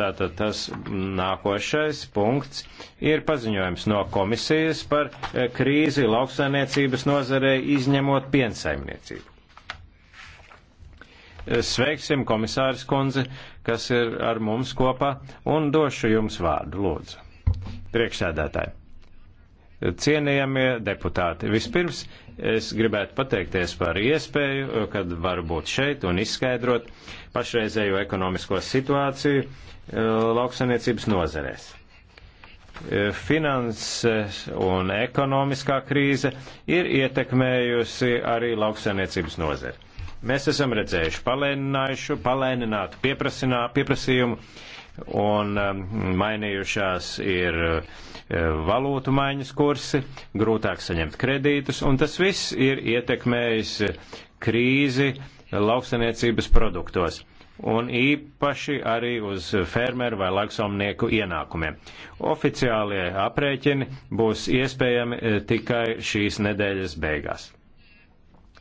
Tātad tas nākošais punkts ir paziņojums no komisijas par eh, krīzi lauksaimniecības nozarei izņemot piensaimniecību. Eh, sveiksim komisāris kundzi, kas ir ar mums kopā, un došu jums vārdu, lūdzu. Priekšsēdētāji. Cienījamie deputāti, vispirms Es gribētu pateikties par iespēju, kad varu būt šeit un izskaidrot pašreizējo ekonomisko situāciju eh, lauksaniecības nozarēs. Eh, finanses un ekonomiskā krīze ir ietekmējusi arī lauksaniecības nozari. Mēs esam redzējuši palēninātu pieprasījumu un um, mainījušās ir uh, valūtu maiņas kursi, grūtāk saņemt kredītus, un tas viss ir ietekmējis krīzi lauksaniecības produktos un īpaši arī uz fermeru vai lauksaimnieku ienākumiem. Oficiālie aprēķini būs iespējami uh, tikai šīs nedēļas beigās.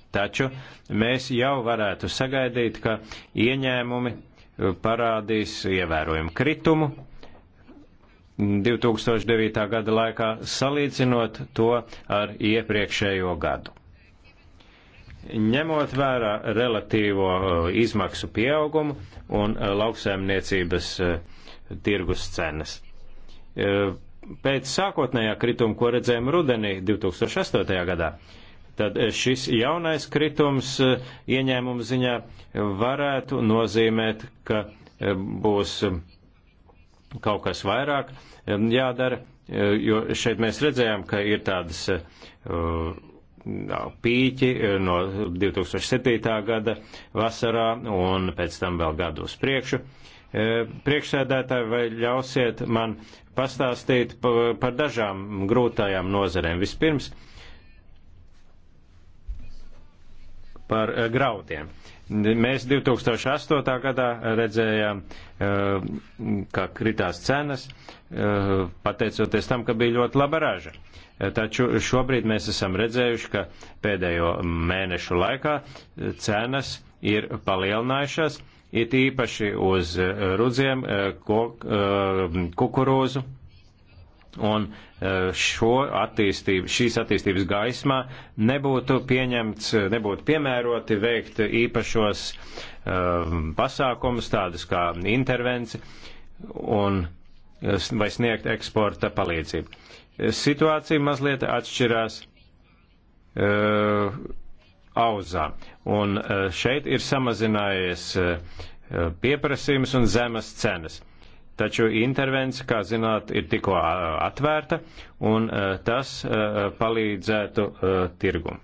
Taču mēs jau varētu sagaidīt, ka ieņēmumi parādīs ievērojumu kritumu 2009. gada laikā, salīdzinot to ar iepriekšējo gadu. Ņemot vērā relatīvo eh, izmaksu pieaugumu un eh, lauksaimniecības eh, tirgus cenas. Pēc sākotnējā krituma, ko redzējām rudenī 2008. gadā, tad eh, šis jaunais kritums eh, ieņēmumu ziņā varētu nozīmēt, ka eh, būs kaut kas vairāk jādara, jo šeit mēs redzējām, ka ir tādas pīķi no 2007. gada vasarā un pēc tam vēl gadu uz priekšu. Priekšsēdētāji, vai ļausiet man pastāstīt par dažām grūtajām nozarēm? Vispirms, par eh, graudiem. Mēs 2008. gadā redzējām, eh, kā kritās cenas, eh, pateicoties tam, ka bija ļoti laba raža. Taču šobrīd mēs esam redzējuši, ka pēdējo mēnešu laikā cenas ir palielinājušās, it īpaši uz rudziem, kukurūzu Un e, šo attīstību, šīs attīstības gaismā nebūtu pieņemts, e, nebūtu piemēroti veikt īpašos e, pasākumus, tādus kā intervenci un vai sniegt eksporta palīdzību. Situācija mazliet atšķirās auzā. Un šeit ir samazinājies pieprasījums un zemes cenas. Taču intervence, kā zināt, ir tikko atvērta, un tas palīdzētu tirgumu.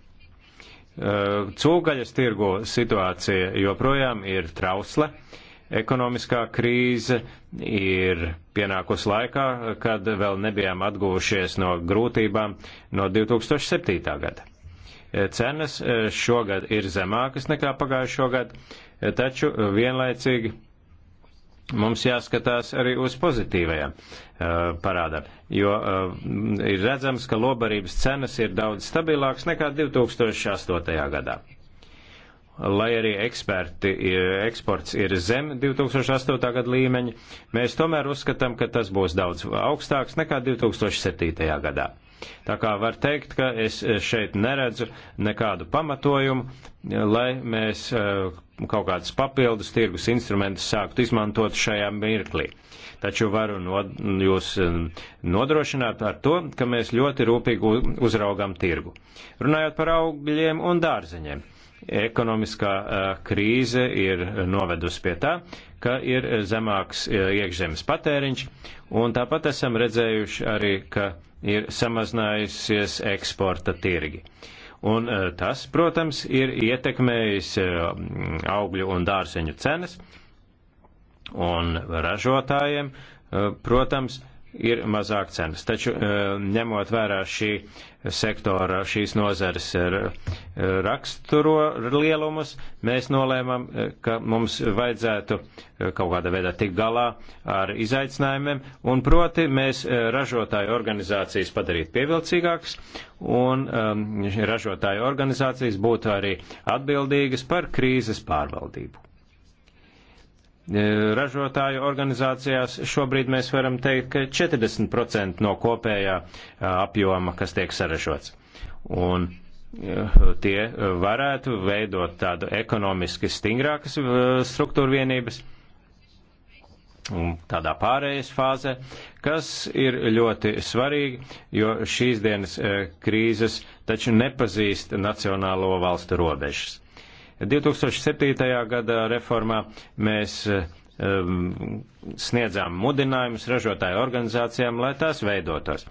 Cūgaļas tirgu situācija joprojām ir trausla. Ekonomiskā krīze ir pienākusi laikā, kad vēl nebijām atguvušies no grūtībām no 2007. gada. Cenas šogad ir zemākas nekā pagājušo gadu, taču vienlaicīgi mums jāskatās arī uz pozitīvajām uh, parādām, jo uh, ir redzams, ka lobarības cenas ir daudz stabilākas nekā 2008. gadā. Lai arī eksperti, uh, eksports ir zem 2008. gada līmeņa, mēs tomēr uzskatām, ka tas būs daudz augstāks nekā 2007. gadā. Tā kā var teikt, ka es šeit neredzu nekādu pamatojumu, lai mēs eh, kaut kādas papildus tirgus instrumentus sāktu izmantot šajā mirklī. Taču varu nod, jūs eh, nodrošināt ar to, ka mēs ļoti rūpīgi uzraugam tirgu. Runājot par augļiem un dārzeņiem. Ekonomiskā eh, krīze ir novedusi pie tā, ka ir zemāks iekšzemes patēriņš, un tāpat esam redzējuši arī, ka ir samazinājusies eksporta tirgi. Un e, tas, protams, ir ietekmējis e, augļu un dārzeņu cenas, un ražotājiem, e, protams, ir mazāk cenas. Taču e, ņemot vērā šī sektora, šīs nozares e, raksturo lielumus, mēs nolēmam, e, ka mums vajadzētu kaut kādā veidā tikt galā ar izaicinājumiem, un proti mēs ražotāju organizācijas padarīt pievilcīgākas, un ražotāju organizācijas būtu arī atbildīgas par krīzes pārvaldību. E, ražotāju organizācijās šobrīd mēs varam teikt, ka 40% no kopējā e, apjoma, kas tiek saražots. Un e, tie varētu veidot tādu ekonomiski stingrākas struktūru vienības tādā pārējais fāzē, kas ir ļoti svarīgi, jo šīs dienas krīzes taču nepazīst nacionālo valstu robežas. 2007. gada reformā mēs um, sniedzām mudinājumus ražotāju organizācijām, lai tās veidotos.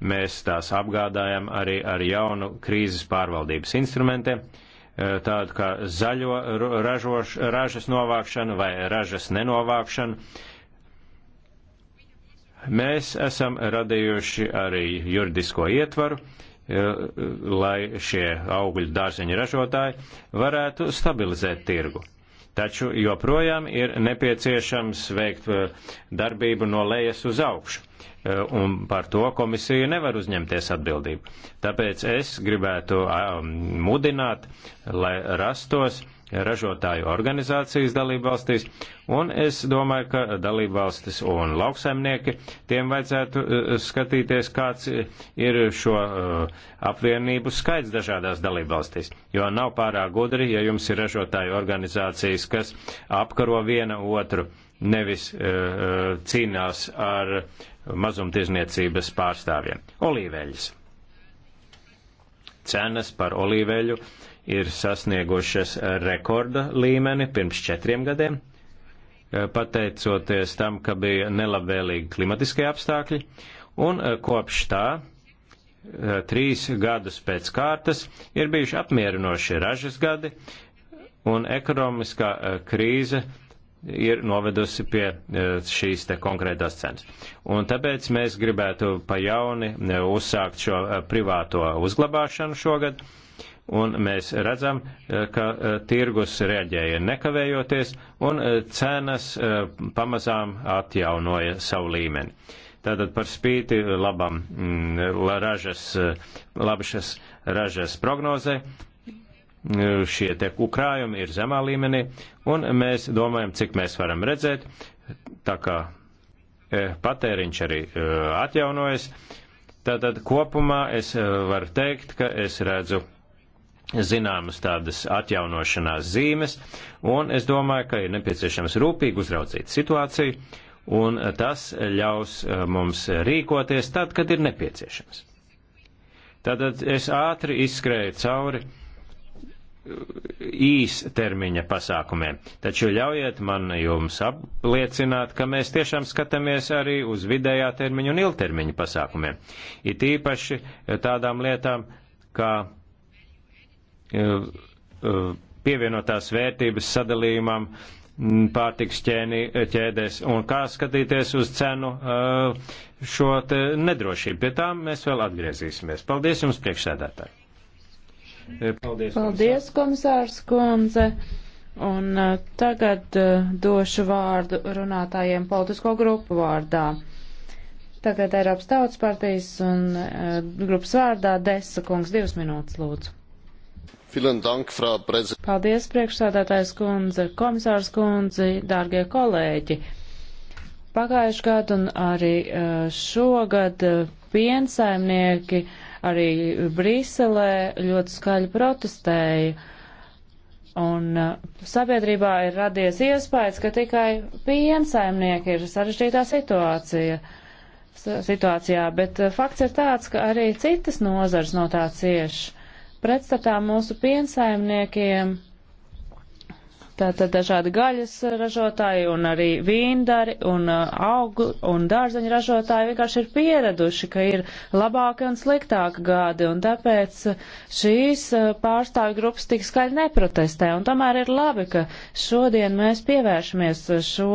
Mēs tās apgādājam arī ar jaunu krīzes pārvaldības instrumentiem, uh, tādu kā zaļo ražoš, ražas novākšanu vai ražas nenovākšanu. Mēs esam radījuši arī juridisko ietvaru, uh, lai šie augļu dārzeņu ražotāji varētu stabilizēt tirgu. Taču joprojām ir nepieciešams veikt eh, darbību no lejas uz augšu, eh, un par to komisija nevar uzņemties atbildību. Tāpēc es gribētu eh, mudināt, lai rastos uh, ražotāju organizācijas dalībvalstīs, un es domāju, ka dalībvalstis un lauksaimnieki tiem vajadzētu eh, skatīties, kāds eh, ir šo eh, apvienību skaits dažādās dalībvalstīs, jo nav pārāk gudri, ja jums ir ražotāju organizācijas, kas apkaro viena otru, nevis cīnās ar mazumtirzniecības pārstāvjiem. Olīveļas. Cenas par olīveļu uh, ir sasniegušas rekorda līmeni pirms četriem gadiem, eh, pateicoties tam, ka bija nelabvēlīgi klimatiskie apstākļi, un eh, kopš tā eh, trīs gadus pēc kārtas ir bijuši apmierinoši ražas gadi, un ekonomiskā krīze ir novedusi pie šīs te konkrētās cenas. Un tāpēc mēs gribētu pa jauni uzsākt šo privāto uzglabāšanu šogad un mēs redzam, eh, ka eh, tirgus reaģēja nekavējoties un eh, cenas pamazām atjaunoja savu līmeni. Tātad par spīti labam mm, ražas, labšas ražas prognozē, šie te krājumi ir zemā līmenī, un mēs domājam, cik mēs varam redzēt, tā kā patēriņš arī atjaunojas. Tātad kopumā es varu teikt, ka es redzu zināmas tādas atjaunošanās zīmes, un es domāju, ka ir nepieciešams rūpīgi uzraudzīt situāciju, un tas ļaus eh, mums rīkoties tad, kad ir nepieciešams. Tātad es ātri izskrēju cauri eh, īstermiņa pasākumiem, taču ļaujiet man jums apliecināt, ka mēs tiešām skatāmies arī uz vidējā termiņa un ilgtermiņa pasākumiem. It īpaši eh, tādām lietām, kā Uh, uh, pievienotās vērtības sadalījumam mm, pārtiks ķēni, ķēdēs un kā skatīties uz cenu uh, šo nedrošību. Pie tām mēs vēl atgriezīsimies. Paldies jums, priekšsēdētāji! Paldies, Paldies komisārs Kundze! Un tagad došu vārdu runātājiem politisko grupu vārdā. Tagad Eiropas Tautas partijas un grupas vārdā Desa kungs divas minūtes lūdzu. Paldies, priekšsādātājs kundze, komisārs kundze, dārgie kolēģi. Pagājuši gadu un arī eh, šogad eh, piensaimnieki arī Brīselē ļoti skaļi protestēja. Un eh, sabiedrībā ir radies iespējas, ka tikai piensaimnieki ir sarežģītā situācija situācijā, bet fakts ir tāds, ka arī citas nozars no tā cieši Pretstatā mūsu piensaimniekiem, tātad dažādi gaļas ražotāji un arī vīndari un uh, augu un dārzeņu ražotāji vienkārši ir pieraduši, ka ir labāki un sliktāki gadi, un tāpēc šīs uh, pārstāvju grupas tik skaļi neprotestē, un tomēr ir labi, ka šodien mēs pievēršamies šo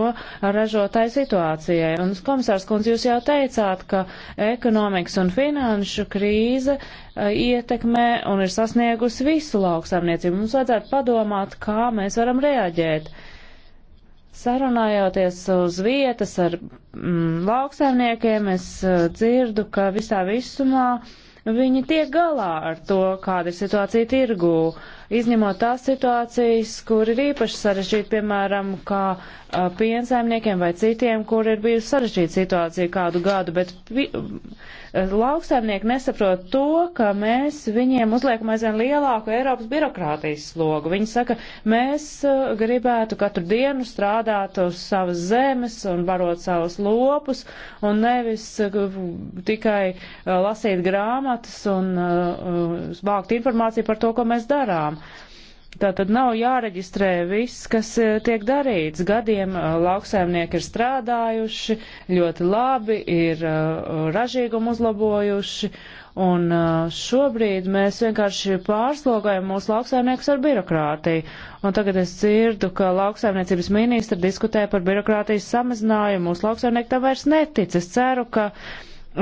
ražotāju situācijai. Un komisārs kundze, jūs jau teicāt, ka ekonomikas un finanšu krīze ietekmē un ir sasniegusi visu lauksaimniecību. Mums vajadzētu padomāt, kā mēs varam reaģēt. Sarunājoties uz vietas ar mm, lauksaimniekiem, es uh, dzirdu, ka visā visumā viņi tiek galā ar to, kāda ir situācija tirgū. Uh, izņemot tās situācijas, kur ir īpaši sarežģīti, piemēram, kā uh, piensaimniekiem vai citiem, kur ir bijusi sarežģīta situācija kādu gadu, bet lauksaimnieki nesaprot to, ka mēs viņiem uzliekam aizvien lielāku Eiropas birokrātijas slogu. Viņi saka, mēs uh, gribētu katru dienu strādāt uz savas zemes un barot savus lopus un nevis uh, tikai lasīt grāmatas un vākt informāciju par to, ko mēs darām lietām. Tā tad nav jāreģistrē viss, kas eh, tiek darīts. Gadiem eh, lauksaimnieki ir strādājuši ļoti labi, ir eh, ražīgumu uzlabojuši, un šobrīd mēs vienkārši pārslogojam mūsu lauksaimniekus ar birokrātiju. Un tagad es dzirdu, ka lauksaimniecības ministra diskutē par birokrātijas samazinājumu. Mūsu lauksaimnieki tam vairs netic. Es ceru, ka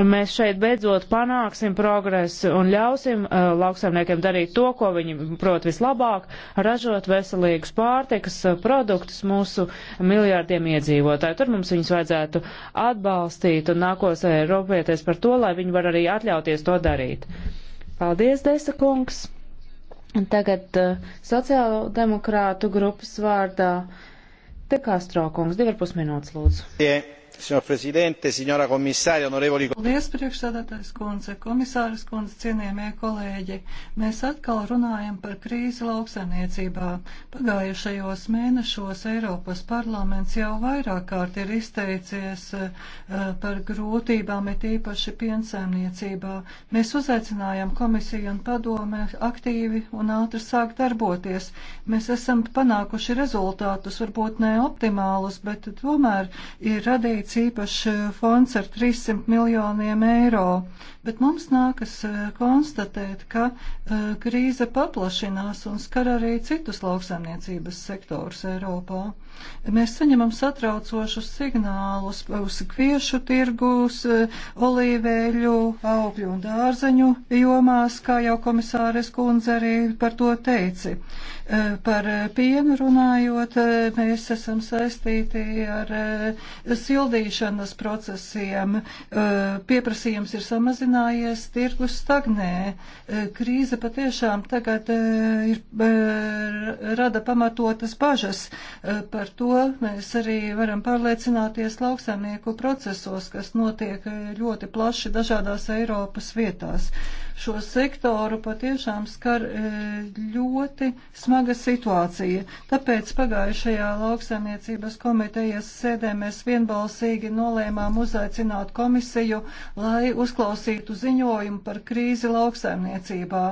mēs šeit beidzot panāksim progresu un ļausim uh, lauksaimniekiem darīt to, ko viņi prot vislabāk, ražot veselīgus pārtikas uh, produktus mūsu miljārdiem iedzīvotāju. Tur mums viņus vajadzētu atbalstīt un nākosē uh, rūpēties par to, lai viņi var arī atļauties to darīt. Paldies, Desa kungs! Tagad uh, sociālo demokrātu grupas vārdā Te Kastro kungs, divi ar pus minūtes lūdzu. Yeah. Signor Presidente, signora Commissaria, onorevoli colleghi. Paldies, priekšsēdētājs kundze, komisāras kundze, cienījamie kolēģi. Mēs atkal runājam par krīzi lauksaimniecībā. Pagājušajos mēnešos Eiropas parlaments jau vairāk kārt ir izteicies eh, par grūtībām, it īpaši piensaimniecībā. Mēs uzaicinājām komisiju un padome aktīvi un ātri sākt darboties. Mēs esam panākuši rezultātus, varbūt ne optimālus, bet tomēr ir radīti radīts īpašs eh, fonds ar 300 miljoniem eiro, bet mums nākas eh, konstatēt, ka eh, krīze paplašinās un skar arī citus lauksaimniecības sektorus Eiropā. Mēs saņemam satraucošus signālus uz kviešu tirgus, olīvēļu, augļu un dārzeņu jomās, kā jau komisāres kundze arī par to teici. Par pienu runājot, mēs esam saistīti ar sildi Pildīšanas procesiem eh, pieprasījums ir samazinājies, tirgus stagnē. Eh, krīze patiešām tagad eh, ir, rada pamatotas bažas. Par to mēs arī varam pārliecināties lauksaimnieku procesos, kas notiek ļoti plaši dažādās Eiropas vietās. Šo sektoru patiešām skar e, ļoti smaga situācija. Tāpēc pagājušajā lauksaimniecības komitejas sēdē mēs vienbalsīgi nolēmām uzaicināt komisiju, lai uzklausītu ziņojumu par krīzi lauksaimniecībā.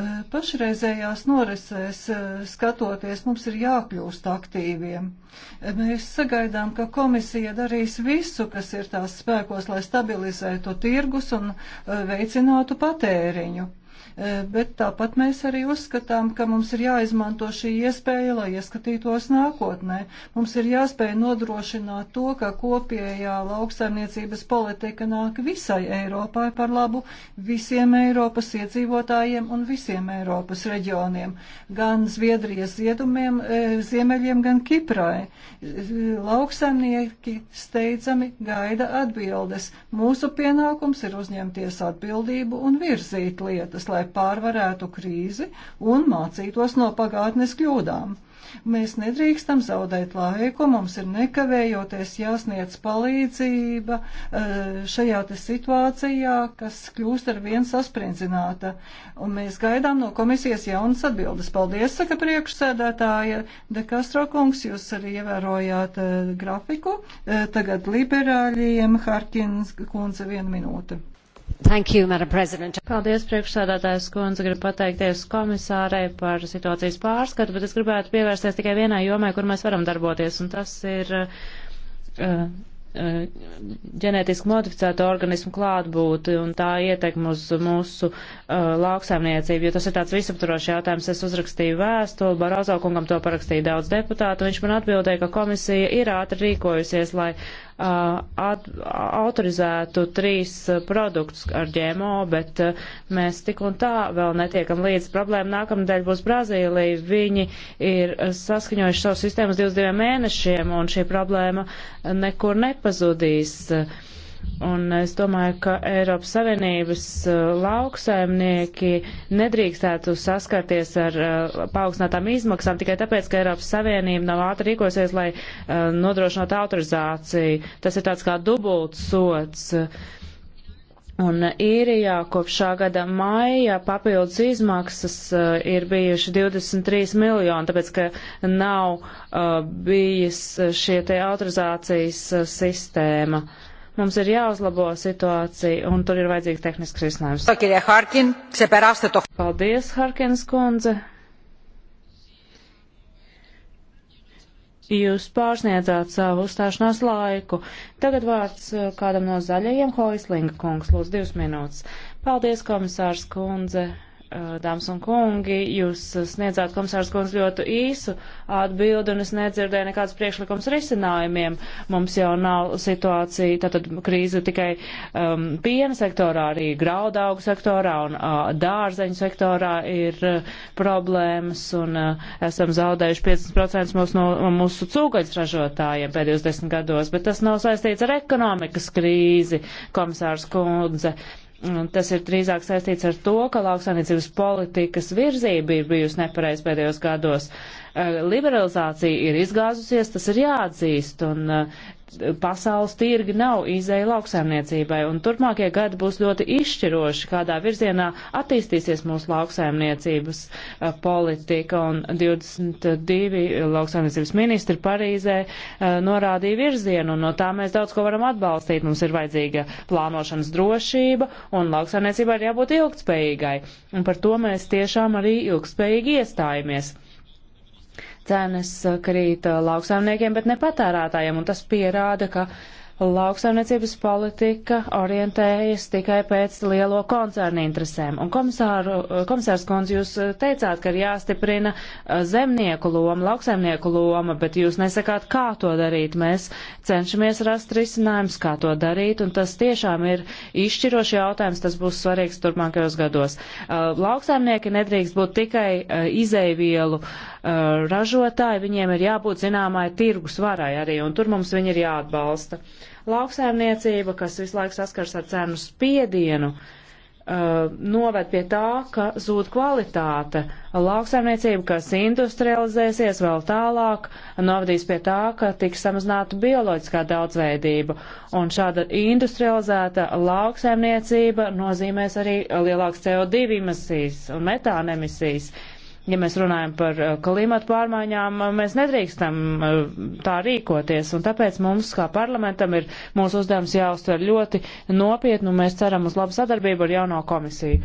Eh, pašreizējās norisēs eh, skatoties, mums ir jākļūst aktīviem. Eh, mēs sagaidām, ka komisija darīs visu, kas ir tās spēkos, lai stabilizētu tirgus un veicinātu patēriņu. Eh, bet tāpat mēs arī uzskatām, ka mums ir jāizmanto šī iespēja, lai ieskatītos nākotnē. Mums ir jāspēj nodrošināt to, ka kopējā lauksaimniecības politika nāk visai Eiropai par labu, visiem Eiropas iedzīvotājiem un visiem Eiropas reģioniem, gan Zviedrijas ziedumiem, eh, ziemeļiem, gan Kiprai. Lauksaimnieki steidzami gaida atbildes. Mūsu pienākums ir uzņemties atbildību un virzīt lietas, lai pārvarētu krīzi un mācītos no pagātnes kļūdām. Mēs nedrīkstam zaudēt laiku, mums ir nekavējoties jāsniedz palīdzība eh, šajā te situācijā, kas kļūst ar vien sasprindzināta. Un mēs gaidām no komisijas jaunas atbildes. Paldies, saka priekšsēdētāja De Castro kungs, jūs arī ievērojāt eh, grafiku. Eh, tagad liberāļiem Harkins kundze viena minūte. You, Paldies, priekšsādātājs kundze. Gribu pateikties komisārei par situācijas pārskatu, bet es gribētu pievērsties tikai vienai jomai, kur mēs varam darboties, un tas ir uh, uh, ģenētiski modificēto organismu klātbūti un tā ietekma uz mūsu uh, lauksaimniecību, jo tas ir tāds visaptvarošs jautājums. Es uzrakstīju vēstuli, Barāzo kungam to parakstīja daudz deputātu, viņš man atbildēja, ka komisija ir ātri rīkojusies, lai Uh, at, autorizētu trīs produktus ar ģēmo, bet uh, mēs tik un tā vēl netiekam līdz problēma. Nākamdēļ būs Brazīlija. Viņi ir saskaņojuši savu sistēmu uz 22 mēnešiem, un šī problēma nekur nepazudīs. Uh, Un es domāju, ka Eiropas Savienības uh, lauksaimnieki nedrīkstētu saskarties ar uh, paaugstinātām izmaksām tikai tāpēc, ka Eiropas Savienība nav ātri rīkosies, lai uh, nodrošinātu autorizāciju. Tas ir tāds kā dubults sots. Un īrijā kopš šā gada maija papildus izmaksas uh, ir bijuši 23 miljoni, tāpēc ka nav uh, bijis šie te autorizācijas uh, sistēma. Uh, Mums ir jāuzlabo situācija, un tur ir vajadzīgs tehnisks risinājums. Paldies, Harkins kundze. Jūs pārsniedzāt savu uzstāšanās laiku. Tagad vārds uh, kādam no zaļajiem, Hoislinga kungs, lūdzu, divas minūtes. Paldies, komisārs kundze. Eh, dāmas un kungi, jūs eh, sniedzāt komisārs kundz ļoti īsu atbildi, un es nedzirdēju nekādus priekšlikums risinājumiem. Mums jau nav situācija, tātad krīze tikai um, piena sektorā, arī graudaugu sektorā un uh, dārzeņu sektorā ir uh, problēmas, un uh, esam zaudējuši 15% mūsu, no, mūsu cūkaļas ražotājiem pēdējos desmit gados, bet tas nav saistīts ar ekonomikas krīzi, komisārs kundze. Uh, Tas ir drīzāk saistīts ar to, ka lauksainiecības politikas virzība ir bijusi nepareiz pēdējos gados. Eh, liberalizācija ir izgāzusies, tas ir jāatzīst, un eh, pasaules tirgi nav izēja lauksaimniecībai, un turpmākie gadi būs ļoti izšķiroši, kādā virzienā attīstīsies mūsu lauksaimniecības eh, politika, un 22 lauksaimniecības ministri Parīzē eh, norādīja virzienu, un no tā mēs daudz ko varam atbalstīt. Mums ir vajadzīga plānošanas drošība, un lauksaimniecībai ir jābūt ilgtspējīgai, un par to mēs tiešām arī ilgtspējīgi iestājamies cenas krīt uh, lauksaimniekiem, bet ne patērētājiem, un tas pierāda, ka lauksaimniecības politika orientējas tikai pēc lielo koncernu interesēm. Un komisāru, uh, komisārs Kons, jūs uh, teicāt, ka ir jāstiprina zemnieku loma, lauksaimnieku loma, bet jūs nesakāt, kā to darīt. Mēs cenšamies rast risinājums, kā to darīt, un tas tiešām ir izšķiroši jautājums, tas būs svarīgs turpmākajos gados. Lauksaimnieki nedrīkst būt tikai izeivielu Uh, ražotāji, viņiem ir jābūt zināmai tirgus varai arī, un tur mums viņi ir jāatbalsta. Lauksaimniecība, kas visu laiku saskars ar cenu spiedienu, uh, noved pie tā, ka zūd kvalitāte. Lauksaimniecība, kas industrializēsies vēl tālāk, novadīs pie tā, ka tiks samazināta bioloģiskā daudzveidība. Un šāda industrializēta lauksaimniecība nozīmēs arī lielāks CO2 emisijas un metāna emisijas. Ja mēs runājam par eh, klimatu pārmaiņām, eh, mēs nedrīkstam eh, tā rīkoties, un tāpēc mums kā parlamentam ir mūsu uzdevums jāuztver ļoti nopietni, un mēs ceram uz labu sadarbību ar jauno komisiju.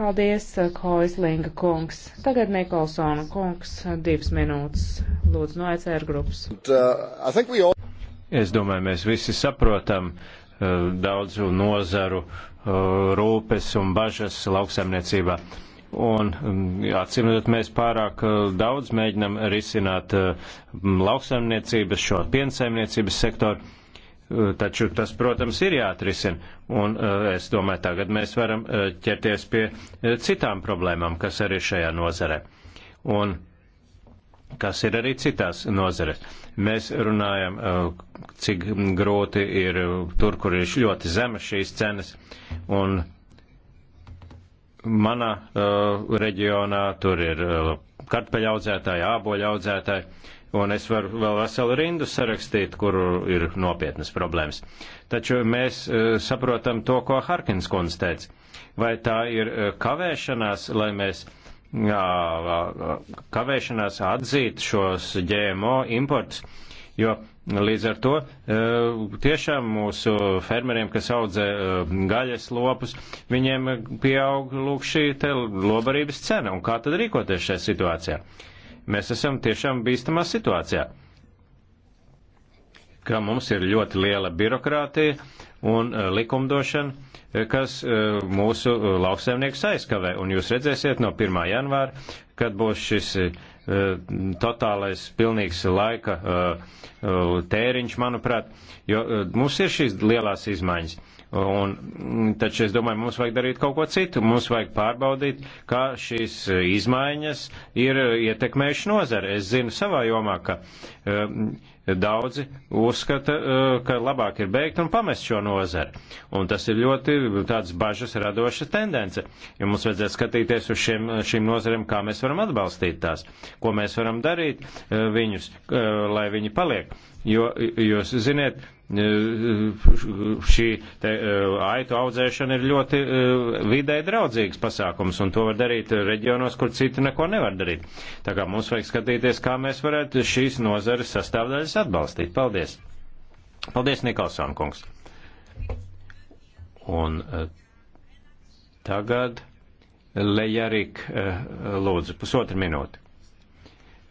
Paldies, Koislinga kungs. Tagad Nikolsona kungs, divas minūtes, lūdzu, no ECR grupas. Uh, es domāju, mēs visi saprotam daudzu nozaru rūpes un bažas lauksaimniecībā Un, um, acīm redzot, mēs pārāk uh, daudz mēģinam risināt uh, lauksaimniecības, šo piensaimniecības sektoru, uh, taču tas, protams, ir jāatrisina. Un es domāju, tagad mēs varam ķerties pie citām problēmām, kas arī šajā nozarē. Un kas ir arī citās nozarēs. Mēs runājam, cik grūti ir tur, kur ir ļoti zema šīs cenas, un Manā uh, reģionā tur ir uh, kartupeļa audzētāji, āboļa audzētāji, un es varu vēl veselu rindu sarakstīt, kur ir nopietnas problēmas. Taču mēs uh, saprotam to, ko Harkins kundze teica. Vai tā ir uh, kavēšanās, lai mēs jā, uh, uh, kavēšanās atzīt šos GMO importus? Uh, jo līdz ar to e, tiešām mūsu fermeriem, kas audzē e, gaļas lopus, viņiem pieaug lūk šī te lobarības cena. Un kā tad rīkoties šajā situācijā? Mēs esam tiešām bīstamā situācijā, ka mums ir ļoti liela birokrātija un e, likumdošana kas mūsu lauksaimniekus aizkavē. Un jūs redzēsiet no 1. janvāra, kad būs šis Eh, totālais pilnīgs laika eh, eh, tēriņš, manuprāt, jo mums ir šīs lielās izmaiņas. Un, mm, taču es domāju, mums vajag darīt kaut ko citu. Mums vajag pārbaudīt, kā šīs izmaiņas ir ietekmējuši nozare. Es zinu savā jomā, ka uh, Daudzi uzskata, e, ka labāk ir beigt un pamest šo nozari. Un tas ir ļoti tāds bažas radoša tendence, jo mums vajadzētu skatīties uz šiem, šīm nozarēm, kā mēs varam atbalstīt tās, ko mēs varam darīt e, viņus, e, lai viņi paliek. Jo, jūs ziniet, šī te, aitu audzēšana ir ļoti vidē draudzīgs pasākums, un to var darīt reģionos, kur citi neko nevar darīt. Tā kā mums vajag skatīties, kā mēs varētu šīs nozares sastāvdaļas atbalstīt. Paldies! Paldies, Nikolson kungs! Un tagad Lejarik lūdzu pusotru minūti.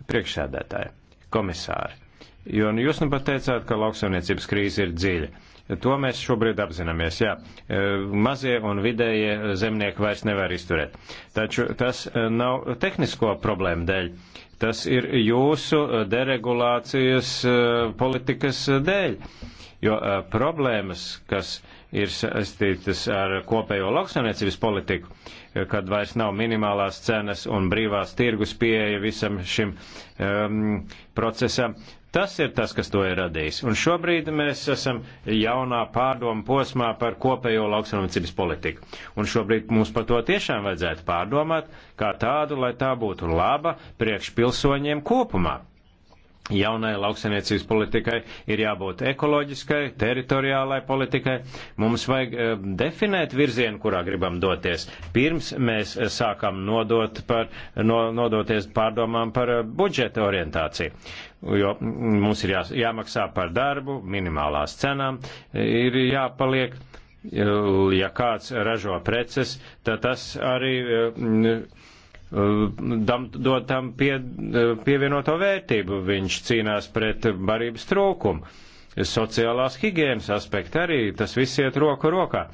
Priekšsēdētāji, komisāri Jo nu, jūs nu pat teicāt, ka lauksaimniecības krīze ir dziļa. To mēs šobrīd apzināmies, jā. E, mazie un vidējie zemnieki vairs nevar izturēt. Taču tas e, nav tehnisko problēmu dēļ. Tas ir jūsu deregulācijas e, politikas dēļ. Jo problēmas, kas ir saistītas ar kopējo lauksaimniecības politiku, kad vairs nav minimālās cenas un brīvās tirgus pieeja visam šim um, procesam, Tas ir tas, kas to ir radījis. Un šobrīd mēs esam jaunā pārdomu posmā par kopējo lauksaimniecības politiku. Un šobrīd mums par to tiešām vajadzētu pārdomāt, kā tādu, lai tā būtu laba priekš pilsoņiem kopumā jaunai lauksaimniecības politikai ir jābūt ekoloģiskai, teritoriālai politikai. Mums vajag eh, definēt virzienu, kurā gribam doties. Pirms mēs eh, sākam nodot par, no, nodoties pārdomām par eh, budžeta orientāciju. Jo mm, mums ir jā, jāmaksā par darbu, minimālās cenām ir jāpaliek. Ja kāds ražo preces, tad tas arī Eh, dod tam pie, eh, pievienoto vērtību. Viņš cīnās pret barības trūkumu. Sociālās higienas aspekti arī, tas viss iet roku rokā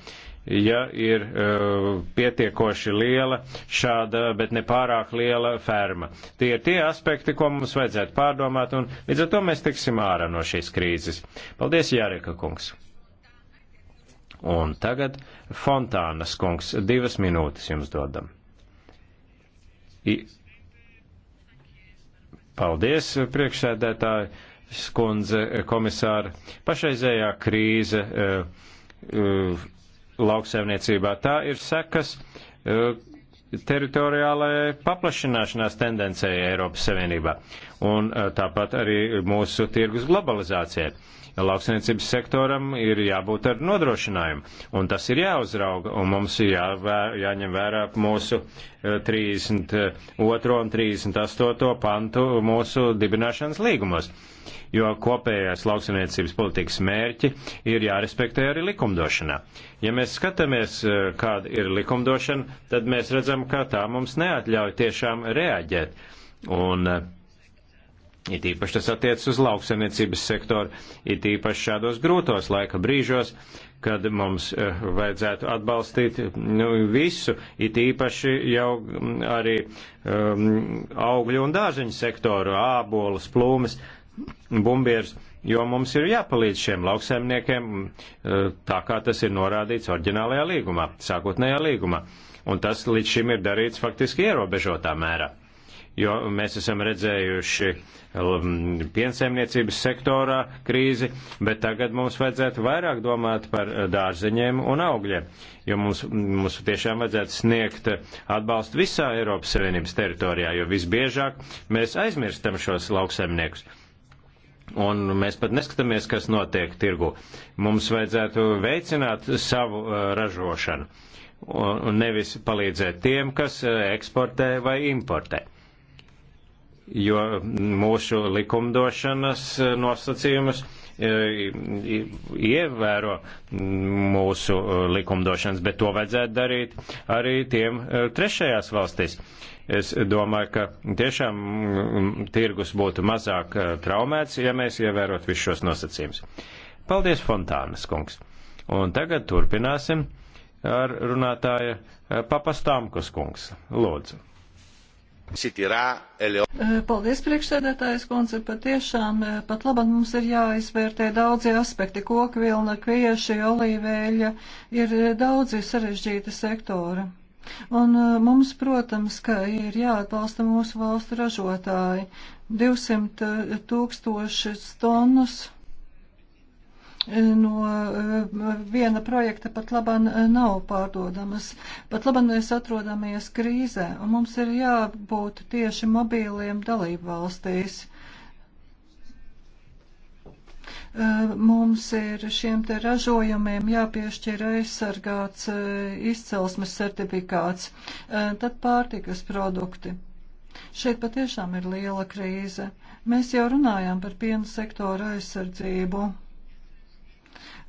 ja ir uh, pietiekoši liela šāda, bet ne pārāk liela ferma. Tie ir tie aspekti, ko mums vajadzētu pārdomāt, un līdz ar to mēs tiksim ārā no šīs krīzes. Paldies, Jārika kungs! Un tagad Fontānas kungs, divas minūtes jums dodam. Paldies, priekšsēdētāji, skundze, komisāri. Pašreizējā krīze eh, eh, lauksaimniecībā tā ir sekas eh, teritoriālajai paplašināšanās tendencijai Eiropas Savienībā un tāpat arī mūsu tirgus globalizācijai lauksainicības sektoram ir jābūt ar nodrošinājumu. Un tas ir jāuzrauga, un mums ir jāvēr, jāņem vērā mūsu 32. Eh, un 38. pantu mūsu dibināšanas līgumos. Jo kopējais lauksaimniecības politikas mērķi ir jārespektē arī likumdošanā. Ja mēs skatāmies, eh, kāda ir likumdošana, tad mēs redzam, ka tā mums neatļauj tiešām reaģēt. Un uh, It īpaši tas attiec uz lauksaimniecības sektoru, it īpaši šādos grūtos laika brīžos, kad mums eh, vajadzētu atbalstīt nu, visu, it īpaši jau mm, arī um, augļu un dārzeņu sektoru, ābolus, plūmes, bumbierus, jo mums ir jāpalīdz šiem lauksaimniekiem eh, tā, kā tas ir norādīts orģinālajā līgumā, sākotnējā līgumā. Un tas līdz šim ir darīts faktiski ierobežotā mērā jo mēs esam redzējuši um, piensaimniecības sektorā krīzi, bet tagad mums vajadzētu vairāk domāt par dārzeņiem un augļiem, jo mums, mums tiešām vajadzētu sniegt atbalstu visā Eiropas Savienības teritorijā, jo visbiežāk mēs aizmirstam šos lauksaimniekus. Un mēs pat neskatāmies, kas notiek tirgu. Mums vajadzētu veicināt savu uh, ražošanu un nevis palīdzēt tiem, kas uh, eksportē vai importē jo mūsu likumdošanas nosacījumus e, ievēro mūsu likumdošanas, bet to vajadzētu darīt arī tiem e, trešajās valstīs. Es domāju, ka tiešām tirgus būtu mazāk e, traumēts, ja mēs ievērot visus šos nosacījumus. Paldies, Fontānas kungs! Un tagad turpināsim ar runātāja papastāmkus kungs. Lūdzu! Eh, paldies, priekšsēdētājs kundze. Patiešām, eh, pat labāk mums ir jāizvērtē daudzi aspekti. Kokvilna, kvieši, olīvēļa ir eh, daudzi sarežģīti sektori. Un mums, protams, ka ir jāatbalsta mūsu valstu ražotāji. 200 tūkstošus tonus no eh, viena projekta pat laban eh, nav pārdodamas. Pat laban mēs atrodamies krīzē, un mums ir jābūt tieši mobīliem dalību valstīs eh, mums ir šiem te ražojumiem jāpiešķir aizsargāts izcelsmes certifikāts, tad pārtikas produkti. Šeit patiešām ir liela krīze. Mēs jau runājām par piena sektora aizsardzību.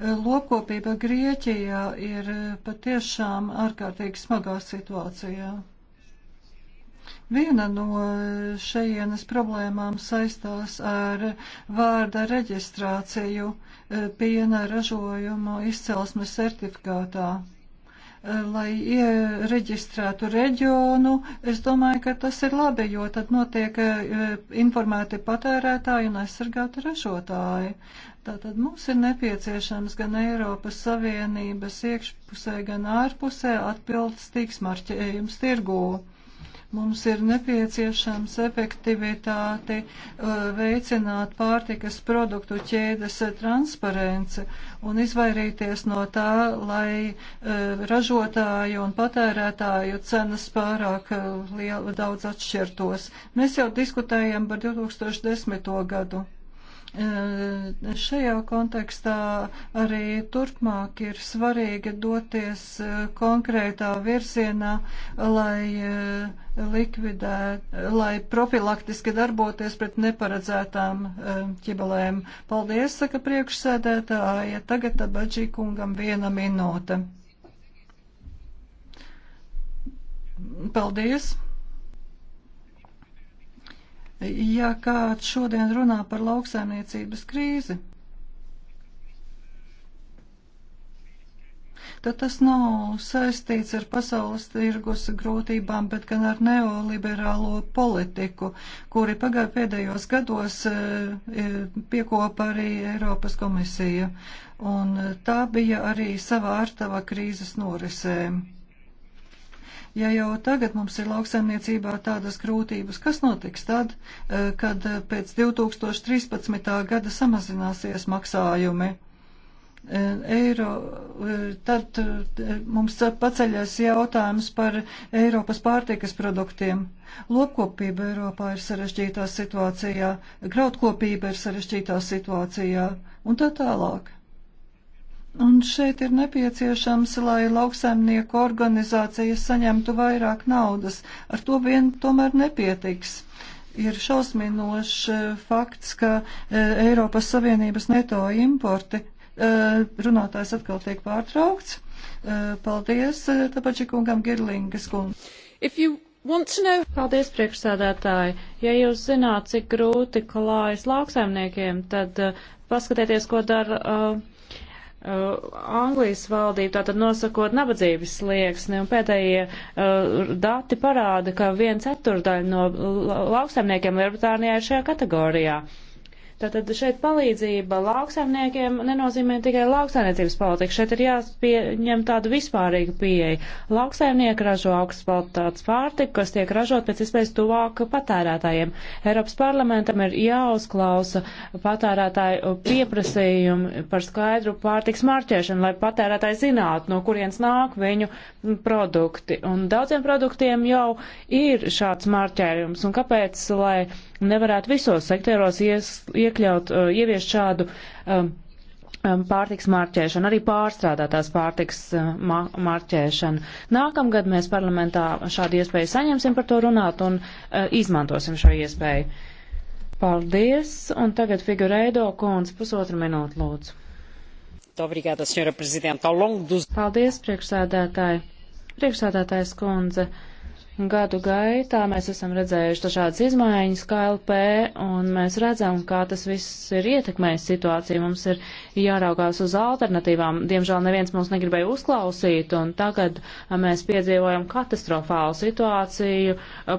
Eh, lopkopība Grieķijā ir eh, patiešām ārkārtīgi smagā situācijā. Viena no eh, šajienas problēmām saistās ar vārda reģistrāciju piena ražojumu izcelsmes certifikātā lai iereģistrētu reģionu, es domāju, ka tas ir labi, jo tad notiek e, informēti patērētāji un aizsargāti ražotāji. Tātad mums ir nepieciešams gan Eiropas Savienības iekšpusē, gan ārpusē atbilstīgs marķējums tirgū. Mums ir nepieciešams efektivitāti uh, veicināt pārtikas produktu ķēdes uh, transparenci un izvairīties no tā, lai uh, ražotāju un patērētāju cenas pārāk liela, daudz atšķirtos. Mēs jau diskutējam par 2010. gadu. Šajā kontekstā arī turpmāk ir svarīgi doties konkrētā virzienā, lai likvidēt, lai profilaktiski darboties pret neparedzētām ķibelēm. Paldies, saka priekšsēdētāja. Tagad tabaģī kungam viena minūte. Paldies! ja kāds šodien runā par lauksaimniecības krīzi, tad tas nav saistīts ar pasaules tirgus grūtībām, bet gan ar neoliberālo politiku, kuri pagāju pēdējos gados e, e, piekopa arī Eiropas komisija. Un tā bija arī savā ārtava krīzes norisēm. Ja jau tagad mums ir lauksaimniecībā tādas grūtības, kas notiks tad, kad pēc 2013. gada samazināsies maksājumi? eiro, tad mums paceļas jautājums par Eiropas pārtikas produktiem. Lopkopība Eiropā ir sarežģītā situācijā, graudkopība ir sarežģītā situācijā un tā tālāk. Un šeit ir nepieciešams, lai lauksaimnieku organizācijas saņemtu vairāk naudas. Ar to vien tomēr nepietiks. Ir šausminošs eh, fakts, ka eh, Eiropas Savienības neto importi eh, runātājs atkal tiek pārtraukts. Paldies, tāpēc kungam Girlingas kungam. Paldies, priekšsādātāji. Ja jūs zināt, cik grūti klājas lauksaimniekiem, tad uh, paskatieties, ko dara uh, Uh, Anglijas valdība tātad nosakot nabadzības slieksni un pēdējie uh, dati parāda, ka viens ceturdaļ no lauksaimniekiem Lielbritānijā ir šajā kategorijā. Uh, Tātad šeit palīdzība lauksaimniekiem nenozīmē tikai lauksaimniecības politiku. Šeit ir jāpieņem tāda vispārīga pieeja. Lauksaimnieki ražo augstas kvalitātes pārtiku, kas tiek ražot pēc iespējas tuvāk patērētājiem. Eiropas parlamentam ir jāuzklausa patērētāju pieprasījumi par skaidru pārtiks marķēšanu, lai patērētāji zinātu, no kurienes nāk viņu produkti. Un daudziem produktiem jau ir šāds marķējums. Un kāpēc, lai nevarētu visos sektoros ies, iekļaut, uh, ieviest šādu um, um pārtiks marķēšanu, arī pārstrādātās pārtiks uh, ma marķēšanu. Nākamgad mēs parlamentā šādu iespēju saņemsim par to runāt un uh, izmantosim šo iespēju. Paldies, un tagad figureido kundze pusotru minūtu lūdzu. Obrigada, senora prezidenta. Paldies, priekšsēdētāji. Priekšsēdētājs kundze. Uh, Gadu gaitā mēs esam redzējuši dažādas izmaiņas KLP, un mēs redzam, kā tas viss ir ietekmējis situāciju. Mums ir jāraugās uz alternatīvām. Diemžēl neviens mums negribēja uzklausīt, un tagad mēs piedzīvojam katastrofālu situāciju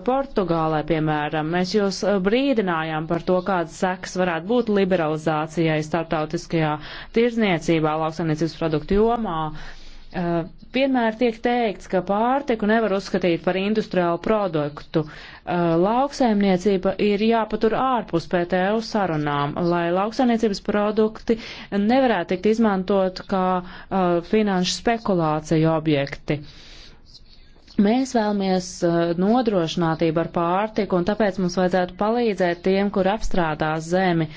Portugālē, piemēram. Mēs jūs brīdinājām par to, kādas sekas varētu būt liberalizācijai starptautiskajā tirzniecībā, lauksaimniecības produktu jomā. Eh, vienmēr tiek teikts, ka pārtiku nevar uzskatīt par industriālu produktu. Eh, lauksaimniecība ir jāpatur ārpus PTU sarunām, lai lauksaimniecības produkti nevarētu tikt izmantot kā eh, finanšu spekulāciju objekti. Mēs vēlamies nodrošinātību ar pārtiku, un tāpēc mums vajadzētu palīdzēt tiem, kur apstrādās zemi.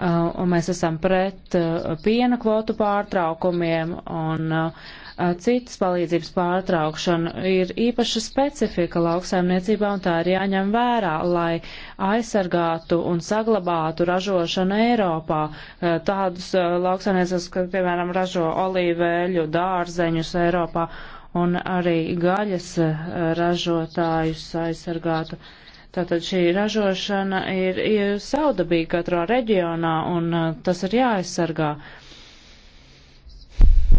Un mēs esam pret piena kvotu pārtraukumiem un uh, citas palīdzības pārtraukšanu. Ir īpaša specifika lauksaimniecībā un tā ir jāņem vērā, lai aizsargātu un saglabātu ražošanu Eiropā. Tādus lauksaimniecības, kā piemēram ražo olīveļu, dārzeņus Eiropā un arī gaļas ražotājus aizsargātu. Tātad šī ražošana ir, ir saudabīga katrā reģionā un tas ir jāaizsargā. Uh,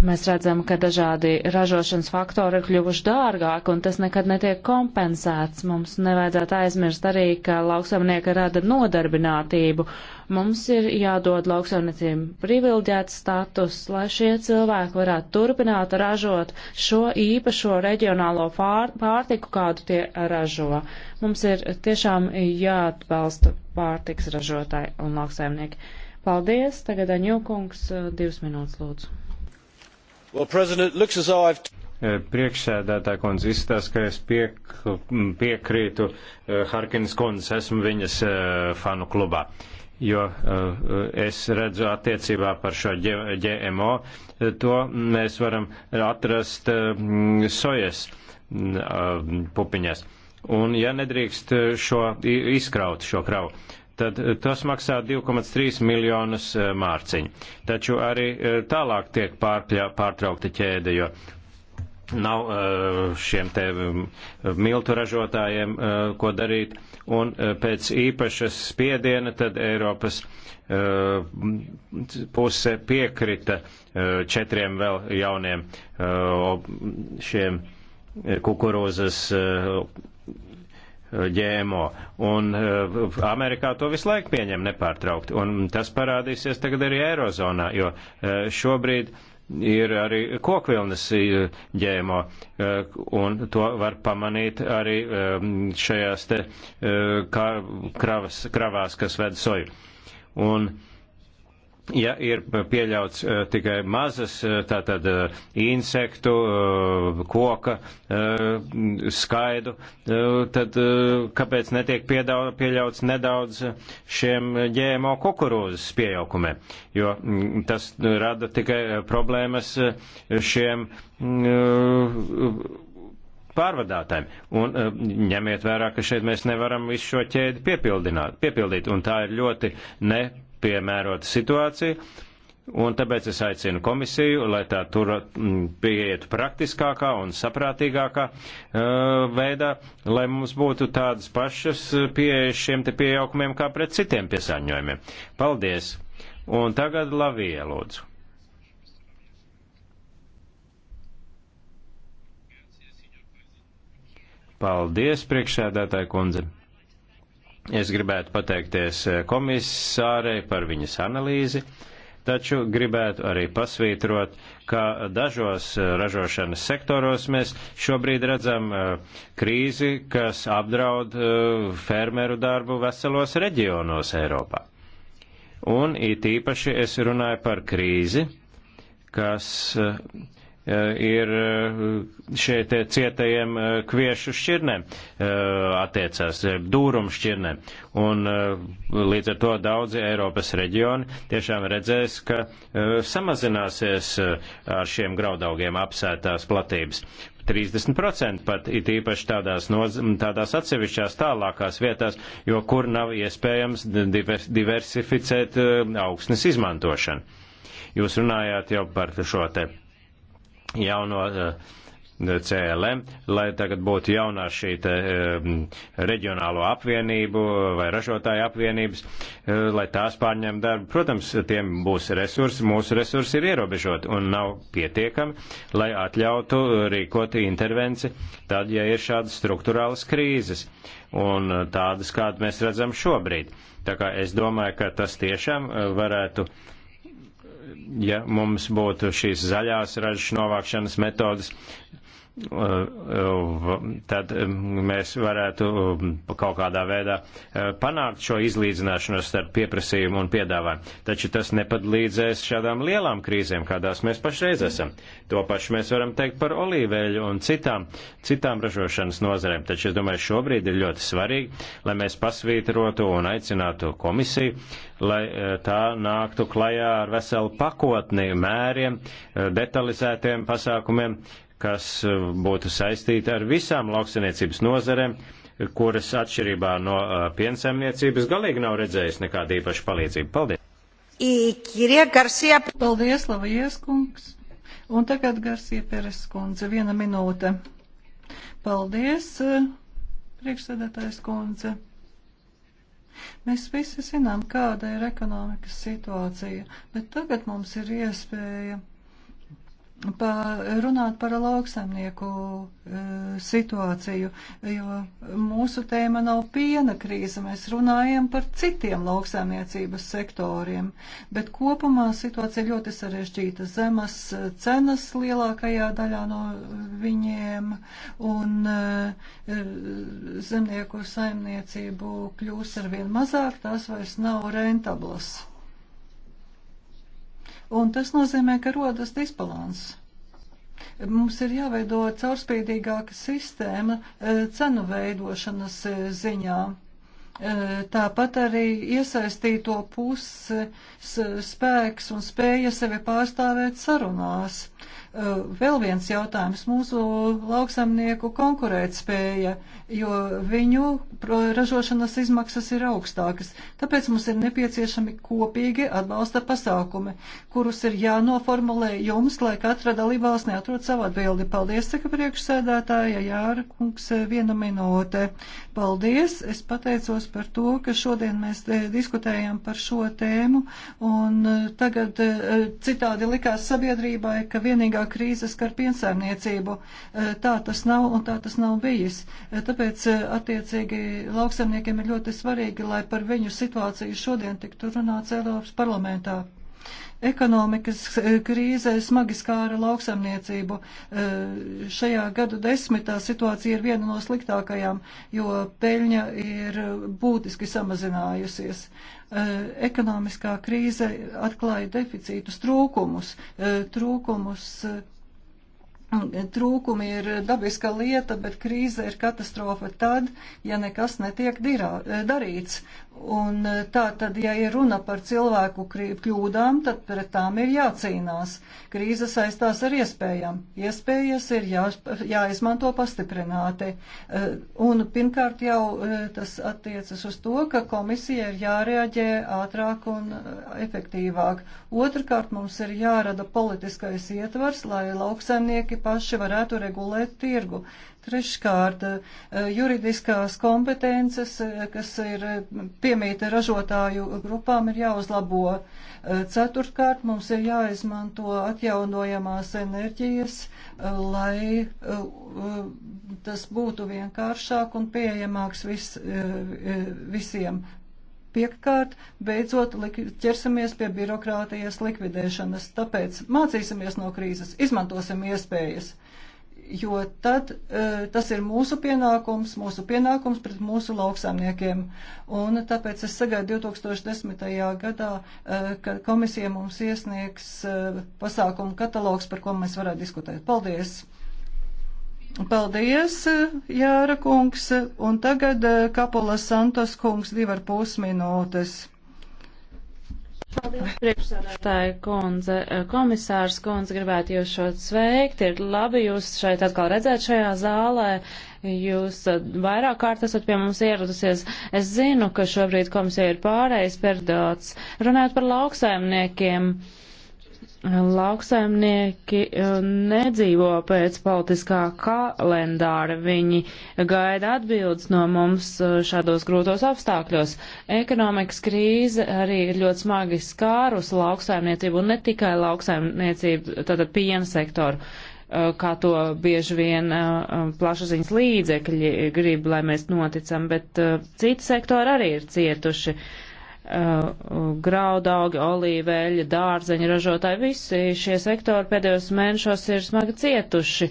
Mēs redzam, ka dažādi ražošanas faktori ir kļuvuši dārgāk, un tas nekad netiek kompensēts. Mums nevajadzētu aizmirst arī, ka lauksaimnieka rada nodarbinātību. Mums ir jādod lauksaimniecīm privilģēts status, lai šie cilvēki varētu turpināt ražot šo īpašo reģionālo pārtiku, kādu tie ražo. Mums ir tiešām jāatbalsta pārtiks ražotāji un lauksaimnieki. Paldies, tagad Aņūkungs, divas minūtes lūdzu. Well, President, looks as though I've eh, priekšsēdētā kundze izstāsta, ka es piek, piekrītu eh, Harkins kundzes, esmu viņas eh, fanu klubā. Jo es redzu attiecībā par šo GMO, to mēs varam atrast sojas pupiņas. Un ja nedrīkst šo izkraut, šo kravu, tad eh, tas maksā 2,3 miljonus eh, mārciņu. Taču arī eh, tālāk tiek pārpļā, pārtraukta ķēde, jo nav šiem te mm, miltu ražotājiem, ko darīt, un pēc īpašas spiediena tad Eiropas puse piekrita četriem vēl jauniem šiem kukurūzas ģēmo. Un eh, Amerikā to visu laiku pieņem nepārtraukti. Un tas parādīsies tagad arī Eirozonā, jo eh, šobrīd ir arī kokvilnes eh, ģēmo, un to var pamanīt arī šajās te kravas, kravās, kas ved soju. Un ja ir pieļauts eh, tikai mazas eh, tātad eh, insektu, koka skaidu, tad kāpēc netiek pieļauts nedaudz šiem ģēmo kukurūzas pieaukumē? Jo mm, tas rada tikai problēmas šiem mm, pārvadātājiem. Un ņemiet vērā, ka šeit mēs nevaram visu šo ķēdi piepildīt, un tā ir ļoti ne piemērota situācija, un tāpēc es aicinu komisiju, lai tā tur mm, pieietu praktiskākā un saprātīgākā uh, veidā, lai mums būtu tādas pašas pieejas šiem te pieaukumiem kā pret citiem piesāņojumiem. Paldies! Un tagad Lavija lūdzu. Paldies, priekšsēdētāji kundze! Es gribētu pateikties eh, komisārei par viņas analīzi, taču gribētu arī pasvītrot, ka dažos eh, ražošanas sektoros mēs šobrīd redzam eh, krīzi, kas apdraud fermeru darbu veselos reģionos Eiropā. Un it īpaši es runāju par krīzi, kas Eh, ir eh, šeit cietajiem eh, kviešu šķirnēm attiecās, dūrumu šķirnēm. Un līdz ar to daudzi Eiropas reģioni tiešām redzēs, ka samazināsies ar šiem graudaugiem apsētās platības. 30% pat it īpaši tādās, noz, tādās atsevišķās tālākās vietās, jo kur nav iespējams diversificēt augsnes izmantošanu. Jūs runājāt jau par šo te jauno eh, CLM, lai tagad būtu jaunā šī te, eh, reģionālo apvienību vai ražotāju apvienības, eh, lai tās pārņem darbu. Protams, tiem būs resursi, mūsu resursi ir ierobežoti un nav pietiekami, lai atļautu rīkot intervenci tad, ja ir šādas struktūrālas krīzes un tādas, kādas mēs redzam šobrīd. Tā kā es domāju, ka tas tiešām varētu uh, ja mums būtu šīs zaļās ražas novākšanas metodas, tad mēs varētu kaut kādā veidā panākt šo izlīdzināšanos starp pieprasījumu un piedāvājumu. Taču tas nepadlīdzēs šādām lielām krīzēm, kādās mēs pašreiz esam. To pašu mēs varam teikt par olīveļu un citām, citām ražošanas nozarēm. Taču es domāju, šobrīd ir ļoti svarīgi, lai mēs pasvītrotu un aicinātu komisiju, lai eh, tā nāktu klajā ar veselu pakotni mēriem, eh, detalizētiem pasākumiem, kas eh, būtu saistīta ar visām lauksaniecības nozarēm, kuras atšķirībā no eh, piensaimniecības galīgi nav redzējis nekādu īpašu palīdzību. Paldies! Paldies, Lavies kungs! Un tagad Garsie Peres kundze, viena minūte. Paldies, eh, priekšsēdētājs kundze! Mēs visi zinām, kāda ir ekonomikas situācija, bet tagad mums ir iespēja pa, runāt par lauksaimnieku e, situāciju, jo mūsu tēma nav piena krīze, mēs runājam par citiem lauksaimniecības sektoriem, bet kopumā situācija ļoti sarežģīta. Zemas cenas lielākajā daļā no viņiem un e, zemnieku saimniecību kļūs arvien mazāk, tās vairs nav rentablas un tas nozīmē, ka rodas disbalans. Mums ir jāveido caurspīdīgāka sistēma e, cenu veidošanas e, ziņā. E, tāpat arī iesaistīto puses spēks un spēja sevi pārstāvēt sarunās. Eh, vēl viens jautājums - mūsu lauksamnieku konkurētspēja, jo viņu ražošanas izmaksas ir augstākas. Tāpēc mums ir nepieciešami kopīgi atbalsta pasākumi, kurus ir jānoformulē jums, lai katra dalībās neatrod savu atbildi. Paldies, saka priekšsēdētāja Jāra kungs, eh, viena minūte. Paldies, es pateicos par to, ka šodien mēs eh, diskutējam par šo tēmu, un tagad citādi likās sabiedrībai, ka vienīgā smagākā krīze skar piensaimniecību. Eh, tā tas nav un tā tas nav bijis. Eh, Tāpēc eh, attiecīgi lauksaimniekiem ir ļoti svarīgi, lai par viņu situāciju šodien tiktu runāts Eiropas parlamentā. Ekonomikas eh, krīze smagi skāra lauksamniecību. Eh, šajā gadu desmitā situācija ir viena no sliktākajām, jo peļņa ir būtiski samazinājusies. Eh, ekonomiskā krīze atklāja deficītus, trūkumus, trūkumus Trūkumi ir dabiska lieta, bet krīze ir katastrofa tad, ja nekas netiek dirā, darīts. Un e, tā tad, ja ir runa par cilvēku kļūdām, tad pret tām ir jācīnās. Krīze saistās ar iespējām. Iespējas ir jā, jāizmanto pastiprināti. E, un pirmkārt jau e, tas attiecas uz to, ka komisija ir jārēģē ātrāk un efektīvāk. Otrkārt mums ir jārada politiskais ietvars, lai lauksaimnieki paši varētu regulēt tirgu. Treškārt, juridiskās kompetences, kas ir pieejamas piemīta ražotāju grupām ir jāuzlabo. Eh, ceturtkārt, mums ir jāizmanto atjaunojamās enerģijas, eh, lai eh, tas būtu vienkāršāk un pieejamāks vis, visiem. Piektkārt, beidzot ķersimies pie birokrātijas likvidēšanas, tāpēc mācīsimies no krīzes, izmantosim iespējas jo tad e, tas ir mūsu pienākums, mūsu pienākums pret mūsu lauksaimniekiem. Un tāpēc es sagaidu 2010. gadā, e, kad komisija mums iesniegs e, pasākumu katalogs, par ko mēs varētu diskutēt. Paldies! Paldies, Jāra kungs, un tagad Kapola Santos kungs divar pus minūtes. Paldies, priekšsādātāja kundze. Eh, komisārs kundze gribētu jūs šo sveikt. Ir labi jūs šeit atkal redzēt šajā zālē. Jūs eh, vairāk kārt esat pie mums ieradusies. Es zinu, ka šobrīd komisija ir pārējais periods. Runājot par lauksaimniekiem. Uh, Lauksaimnieki e, nedzīvo pēc politiskā kalendāra, viņi gaida atbildes no mums e, šādos grūtos apstākļos. Ekonomikas krīze arī ir ļoti smagi skārus lauksaimniecību un ne tikai lauksaimniecību, tātad piena sektoru, e, kā to bieži vien plašaziņas līdzekļi grib, lai mēs noticam, bet citi sektori arī ir cietuši. Uh, Uh, graudaugi, olīveļa, dārzeņa ražotāji, visi šie sektori pēdējos mēnešos ir smagi cietuši.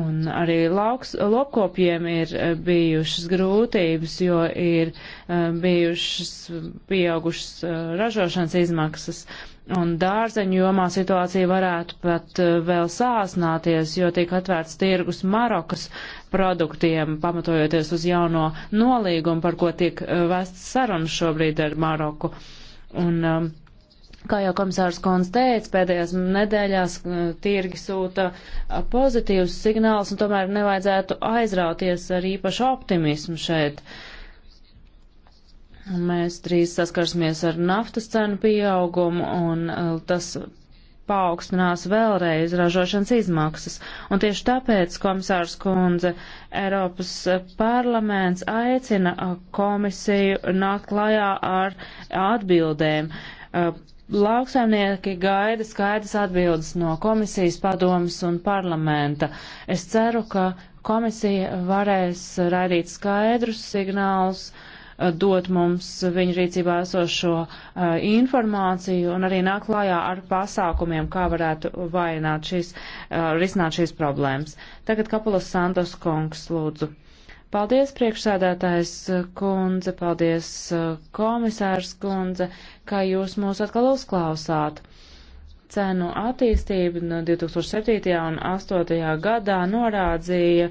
Un arī lauks, lopkopiem ir uh, bijušas grūtības, jo ir uh, bijušas pieaugušas ražošanas izmaksas un dārzeņu jomā situācija varētu pat eh, vēl sāsnāties, jo tiek atvērts tirgus Marokas produktiem, pamatojoties uz jauno nolīgumu, par ko tiek eh, vests sarunas šobrīd ar Maroku. Un, um, Kā jau komisārs Kons teica, pēdējās nedēļās eh, tirgi sūta pozitīvus signālus, un tomēr nevajadzētu aizrauties ar īpašu optimismu šeit. Uh, Mēs drīz saskarsimies ar naftas cenu pieaugumu, un e, tas paaugstinās vēlreiz ražošanas izmaksas. Un tieši tāpēc, komisārs kundze, Eiropas parlaments aicina e, komisiju nākt klajā ar atbildēm. E, Lauksaimnieki gaida skaidrs atbildes no komisijas padomas un parlamenta. Es ceru, ka komisija varēs raidīt skaidrus signālus uh, Eh, dot mums viņu rīcībā esošo eh, informāciju un arī nāk klājā ar pasākumiem, kā varētu vainot šīs, eh, risināt šīs problēmas. Tagad Kapulas Santos Kongs lūdzu. Paldies, priekšsēdētājs kundze, paldies, komisārs kundze, ka jūs mūs atkal uzklausāt cenu attīstība no 2007. un 2008. gadā norādīja,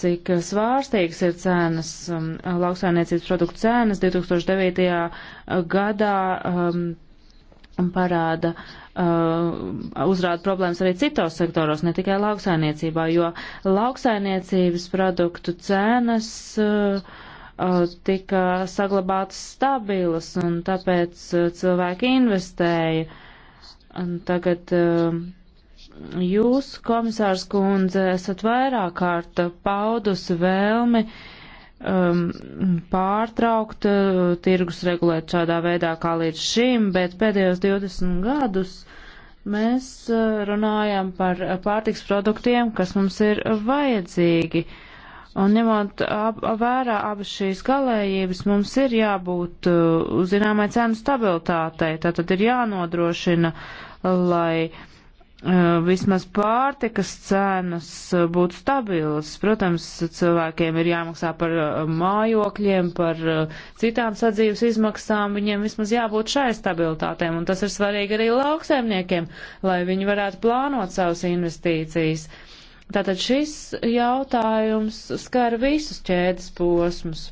cik svārstīgs ir cenas, um, lauksainiecības produktu cenas 2009. gadā um, parāda, uh, uzrāda problēmas arī citos sektoros, ne tikai lauksainiecībā, jo lauksainiecības produktu cenas uh, uh, tika saglabātas stabilas un tāpēc uh, cilvēki investēja uh, Tagad um, jūs, komisārs kundze, esat vairāk kārt paudusi vēlmi um, pārtraukt uh, tirgus regulēt šādā veidā kā līdz šim, bet pēdējos 20 gadus mēs uh, runājam par uh, pārtiks produktiem, kas mums ir vajadzīgi. Uh, Un ņemot ab, vērā abas šīs galējības, mums ir jābūt uh, zināmai cenu stabilitātei. Tātad ir jānodrošina, lai uh, vismaz pārtikas cenas uh, būtu stabilas. Protams, cilvēkiem ir jāmaksā par uh, mājokļiem, par uh, citām sadzīves izmaksām. Viņiem vismaz jābūt šai stabilitātēm, un tas ir svarīgi arī lauksaimniekiem, lai viņi varētu plānot savas investīcijas. Uh, Tātad šis jautājums skar visus ķēdes posmus,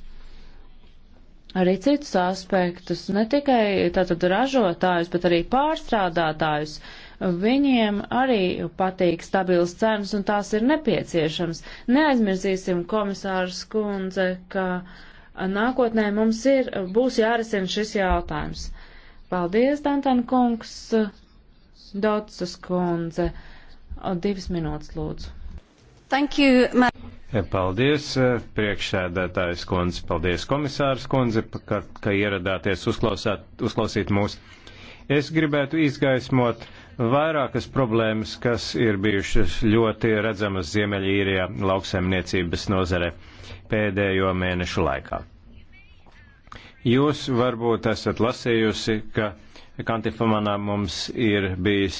arī citus aspektus, ne tikai tātad ražotājus, bet arī pārstrādātājus. Viņiem arī patīk stabils cenas un tās ir nepieciešams. Neaizmirsīsim, komisārs kundze, ka nākotnē mums ir, būs jārisina šis jautājums. Paldies, Dantan kungs, Dotsas kundze. Divas minūtes, lūdzu. Thank you, ma... Paldies, eh, priekšsēdētājs kundze, paldies komisārs kundze, ka, ka ieradāties uzklausāt, uzklausīt mūs. Es gribētu izgaismot vairākas problēmas, kas ir bijušas ļoti redzamas Ziemeļīrijā lauksaimniecības nozare pēdējo mēnešu laikā. Jūs varbūt esat lasījusi, ka Kantifamanā mums ir bijis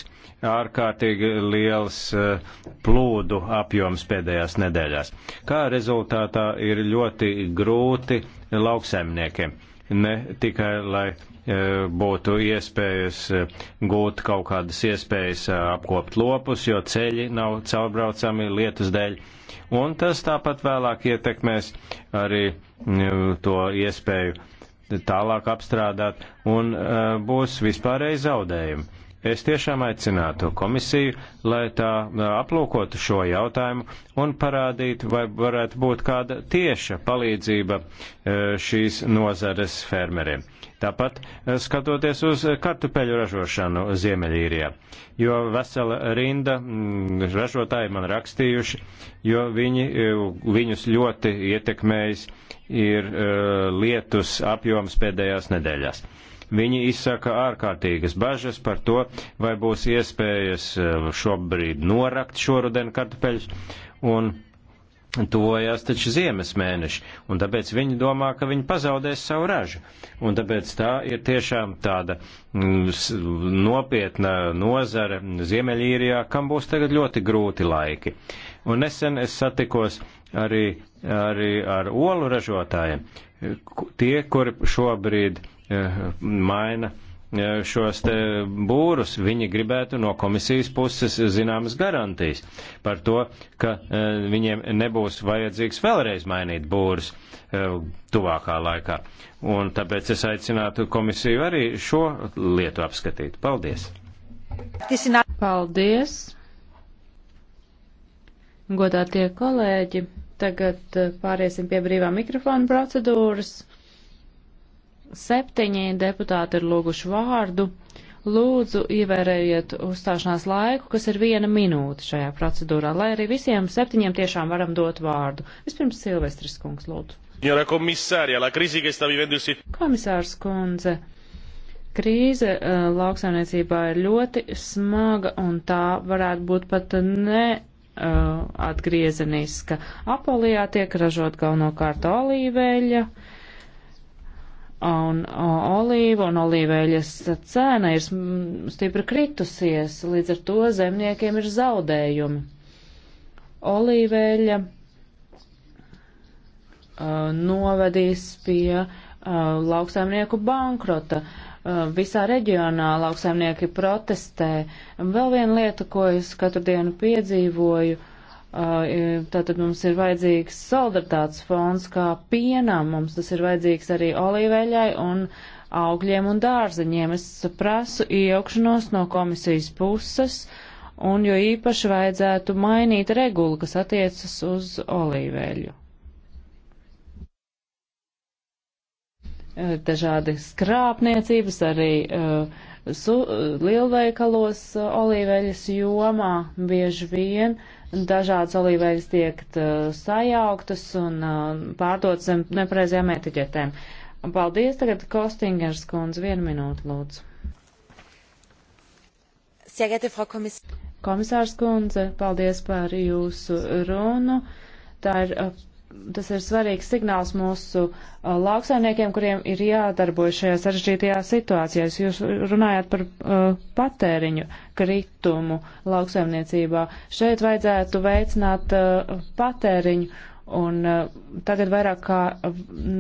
ārkārtīgi liels eh, plūdu apjoms pēdējās nedēļās, kā rezultātā ir ļoti grūti lauksaimniekiem. Ne tikai, lai eh, būtu iespējas eh, gūt kaut kādas iespējas apkopt lopus, jo ceļi nav caurbraucami lietus dēļ. Un tas tāpat vēlāk ietekmēs arī mm, to iespēju tālāk apstrādāt un uh, būs vispārēji zaudējumi. Es tiešām aicinātu komisiju, lai tā e, aplūkotu šo jautājumu un parādītu, vai varētu būt kāda tieša palīdzība e, šīs nozares fermeriem. Tāpat eh, skatoties uz eh, kartupeļu ražošanu Ziemeļīrijā, jo vesela rinda mm, ražotāji man rakstījuši, jo viņi, eh, viņus ļoti ietekmējis ir lietus apjoms pēdējās nedēļās. Viņi izsaka ārkārtīgas bažas par to, vai būs iespējas šobrīd norakt šoruden kartupeļus, un Tuvojas taču ziemas mēneši, un tāpēc viņi domā, ka viņi pazaudēs savu ražu. Un tāpēc tā ir tiešām tāda mm, nopietna nozara Ziemeļīrijā, kam būs tagad ļoti grūti laiki. Un nesen es satikos arī, arī ar olu ražotājiem, tie, kuri šobrīd eh, maina šos te būrus, viņi gribētu no komisijas puses zināmas garantijas par to, ka e, viņiem nebūs vajadzīgs vēlreiz mainīt būrus e, tuvākā laikā. Un tāpēc es aicinātu komisiju arī šo lietu apskatīt. Paldies! Paldies! Godātie kolēģi, tagad e, pāriesim pie brīvā mikrofona procedūras. Septiņi deputāti ir lūguši vārdu. Lūdzu, ievērējiet uzstāšanās laiku, kas ir viena minūte šajā procedūrā, lai arī visiem septiņiem tiešām varam dot vārdu. Vispirms Silvestris kungs, lūdzu. Komisārs kundze, krīze eh, lauksaimniecībā ir ļoti smaga un tā varētu būt pat ne eh, atgriezeniska. Apolijā tiek ražot galvenokārt olīveļa, un olīvu un olīveļas cēna ir stipri kritusies, līdz ar to zemniekiem ir zaudējumi. Olīveļa uh, e, novedīs pie uh, lauksaimnieku bankrota. Uh, visā reģionā lauksaimnieki protestē. Un vēl viena lieta, ko es katru dienu piedzīvoju, uh, Tātad mums ir vajadzīgs solidaritātes fonds kā pienam, mums tas ir vajadzīgs arī olīveļai un augļiem un dārzeņiem. Es prasu iejaukšanos no komisijas puses, un jo īpaši vajadzētu mainīt regulu, kas attiecas uz olīveļu. Dažādi skrāpniecības arī uh, su, lielveikalos uh, olīveļas jomā bieži vien dažādas olīveļas tiek uh, sajauktas un uh, pārdotas zem nepareizajām etiķetēm. Paldies, tagad Kostingers kundze, vienu minūtu lūdzu. Komisārs kundze, paldies par jūsu runu. Tā ir tas ir svarīgs signāls mūsu uh, lauksaimniekiem, kuriem ir jādarbojas šajā sarežģītajā situācijā. Jūs runājāt par uh, patēriņu kritumu lauksaimniecībā. Šeit vajadzētu veicināt uh, patēriņu Un uh, tagad vairāk kā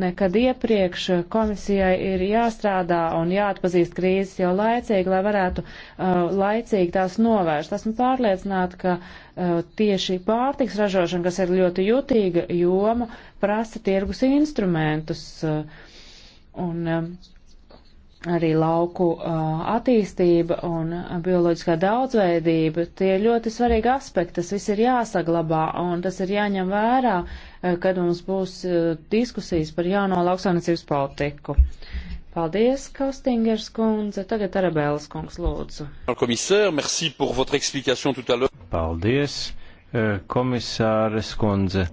nekad iepriekš komisijai ir jāstrādā un jāatpazīst krīzes jau laicīgi, lai varētu uh, laicīgi tās novērst. Esmu pārliecināta, ka uh, tieši pārtiks ražošana, kas ir ļoti jutīga joma, prasa tirgus instrumentus. Uh, un, uh, arī lauku attīstība un bioloģiskā daudzveidība, tie ir ļoti svarīgi aspekti, tas viss ir jāsaglabā un tas ir jāņem vērā, kad mums būs diskusijas par jauno lauksainicības politiku. Paldies, Kostingers kundze. Tagad Arabēlas kungs lūdzu. Paldies, komisāres kundze,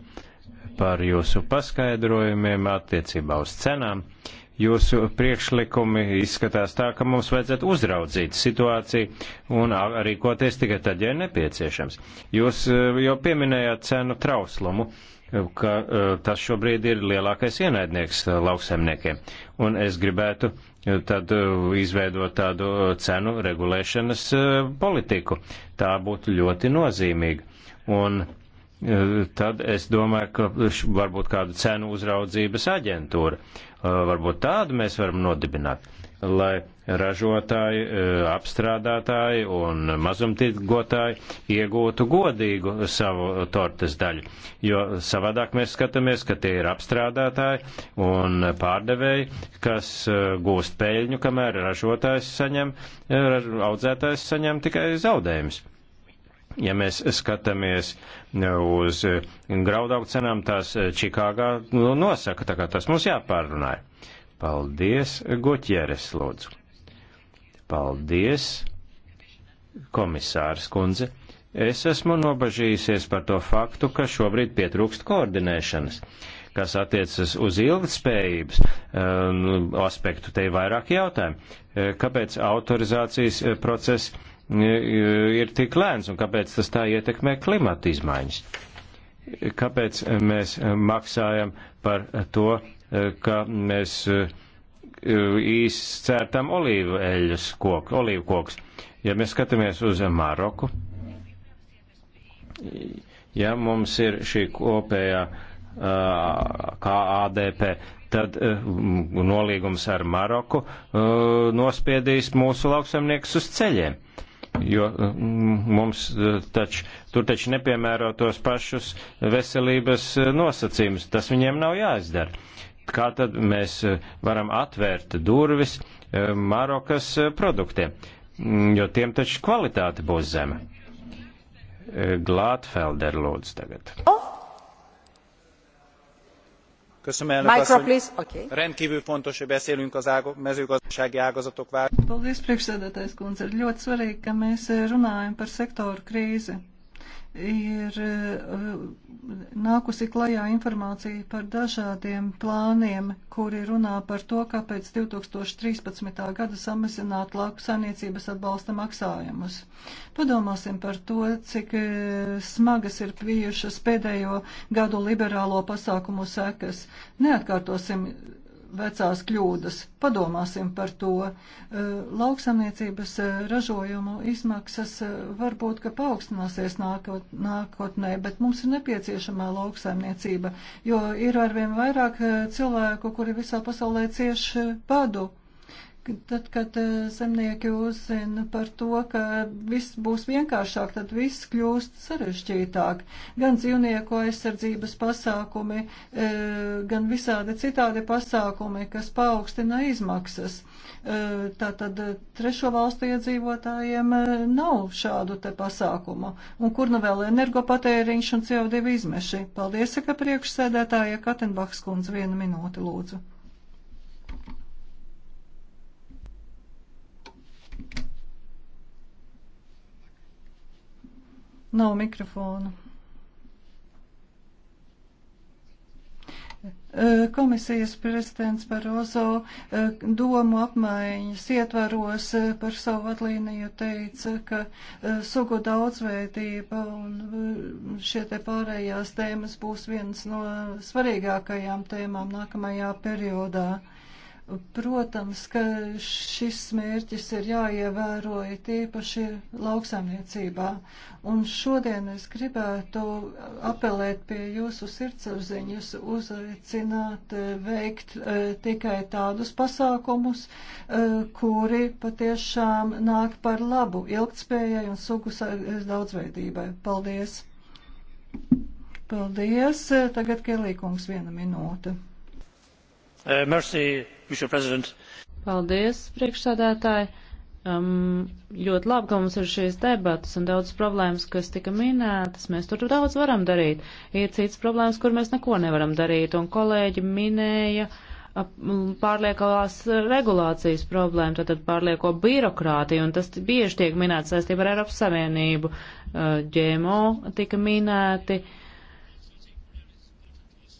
par jūsu paskaidrojumiem attiecībā uz cenām. Uh, jūsu priekšlikumi izskatās tā, ka mums vajadzētu uzraudzīt situāciju un rīkoties tikai tad, ja ir nepieciešams. Jūs e, jau pieminējāt cenu trauslumu e, ka e, tas šobrīd ir lielākais ienaidnieks lauksaimniekiem. Un es gribētu tad izveidot tādu cenu regulēšanas politiku. Tā būtu ļoti nozīmīga. Un E, tad es domāju, ka varbūt kādu cenu uzraudzības aģentūra, e, varbūt tādu mēs varam nodibināt, lai ražotāji, e, apstrādātāji un mazumtirgotāji iegūtu godīgu savu tortes daļu, jo savādāk mēs skatāmies, ka tie ir apstrādātāji un pārdevēji, kas gūst peļņu, kamēr ražotājs saņem, audzētājs saņem tikai zaudējumus. Ja mēs skatāmies uz graudaugu cenām, tās Čikāgā nu, nosaka, tā kā tas mums jāpārunāja. Paldies, Gutjeres, lūdzu. Paldies, komisārs kundze. Es esmu nobažījusies par to faktu, ka šobrīd pietrūkst koordinēšanas, kas attiecas uz ilgtspējības um, aspektu. Te ir vairāk jautājumu. Kāpēc autorizācijas process ir tik lēns un kāpēc tas tā ietekmē klimata izmaiņas. Kāpēc mēs maksājam par to, ka mēs e, izcērtam olīvu eļļas koku, olīvu koks. Ja mēs skatāmies uz Maroku, ja mums ir šī kopējā KADP, tad e, nolīgums ar Maroku e, nospiedīs mūsu lauksamniekus uz ceļiem jo mm, mums e, taču, tur taču nepiemēro tos pašus veselības e, nosacījumus. Tas viņiem nav jāizdara. Kā tad mēs e, varam atvērt durvis Marokas produktiem, mm, jo tiem taču kvalitāte būs zeme. Glātfelder lūdzu tagad. Oh! rendkvül fontos hogy beszélünk a mezőgazdasági ágazatok válságáról. paldies priekšsēdētājas kundze ir ļoti svarīgi ka mēs eh, runājam par sektoru krīzi ir eh, nākusi klajā informācija par dažādiem plāniem, kuri runā par to, kā pēc 2013. gada samazināt lauku saimniecības atbalsta maksājumus. Padomāsim par to, cik eh, smagas ir bijušas pēdējo gadu liberālo pasākumu sekas. Neatkārtosim vecās kļūdas. Padomāsim par to. Eh, Lauksamniecības eh, ražojumu izmaksas eh, varbūt, ka paaugstināsies nākot, nākotnē, bet mums ir nepieciešamā lauksamniecība, jo ir arvien vairāk cilvēku, kuri visā pasaulē cieš padu. Tad, kad eh, zemnieki uzzina par to, ka viss būs vienkāršāk, tad viss kļūst sarežģītāk. Gan dzīvnieku aizsardzības pasākumi, eh, gan visādi citādi pasākumi, kas paaugstina izmaksas. Eh, tātad trešo valstu iedzīvotājiem nav šādu te pasākumu. Un kur nu vēl energopatēriņš un CO2 izmeši? Paldies, ka priekšsēdētāja Katenbachs kundze vienu minūti lūdzu. Nav mikrofona. E, komisijas prezidents Barozo e, domu apmaiņas ietvaros e, par savu atlīniju teica, ka sugu daudzveidība un šie te pārējās tēmas būs viens no svarīgākajām tēmām nākamajā periodā. Protams, ka šis mērķis ir jāievēro tīpaši lauksaimniecībā. Un šodien es gribētu apelēt pie jūsu sirdsapziņas, uzaicināt eh, veikt eh, tikai tādus pasākumus, eh, kuri patiešām nāk par labu ilgtspējai un sugu daudzveidībai. Paldies! Paldies! Tagad Kelīkungs viena minūte. Uh, merci. Paldies, priekšsādātāji. Um, ļoti labi, ka mums ir šīs debatas un daudz problēmas, kas tika minētas. Mēs tur daudz varam darīt. Ir cits problēmas, kur mēs neko nevaram darīt. Un kolēģi minēja pārliekalās regulācijas problēmu, tātad pārlieko birokrātiju, un tas bieži tiek minēts saistībā ar Eiropas Savienību. Uh, ģēmo tika minēti. Uh,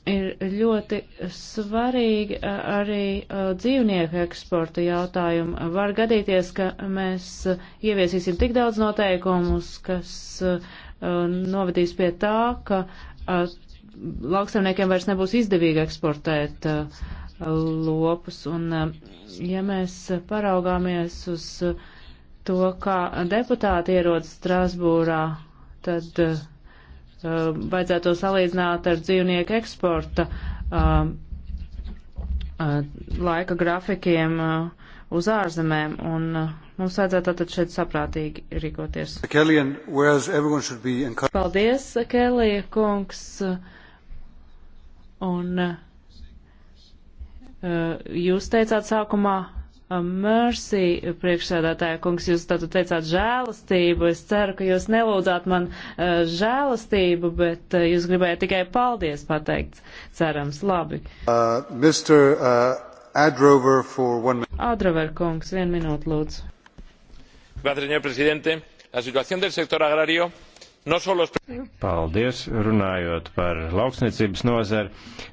ir ļoti svarīgi arī dzīvnieku eksporta jautājumi. Var gadīties, ka mēs ieviesīsim tik daudz noteikumus, kas novedīs pie tā, ka lauksaimniekiem vairs nebūs izdevīgi eksportēt lopus. Un ja mēs paraugāmies uz to, kā deputāti ierodas Strasbūrā, tad uh, Um, vajadzētu to salīdzināt ar dzīvnieku eksporta um, uh, laika grafikiem uh, uz ārzemēm, un uh, mums vajadzētu tātad šeit saprātīgi rīkoties. Paldies, Kelija kungs, un jūs teicāt sākumā, Um, Mercy, priekšsēdētāja kungs, jūs tātad teicāt žēlastību. Es ceru, ka jūs nelūdzāt man uh, žēlastību, bet uh, jūs gribējāt tikai paldies pateikt. Cerams, labi. Uh, Mr, uh, Adrover, one... Adrover kungs, vienu minūtu lūdzu. Gracias, señor presidente. La situación del sector agrario No solos... Paldies, runājot par lauksniecības nozari.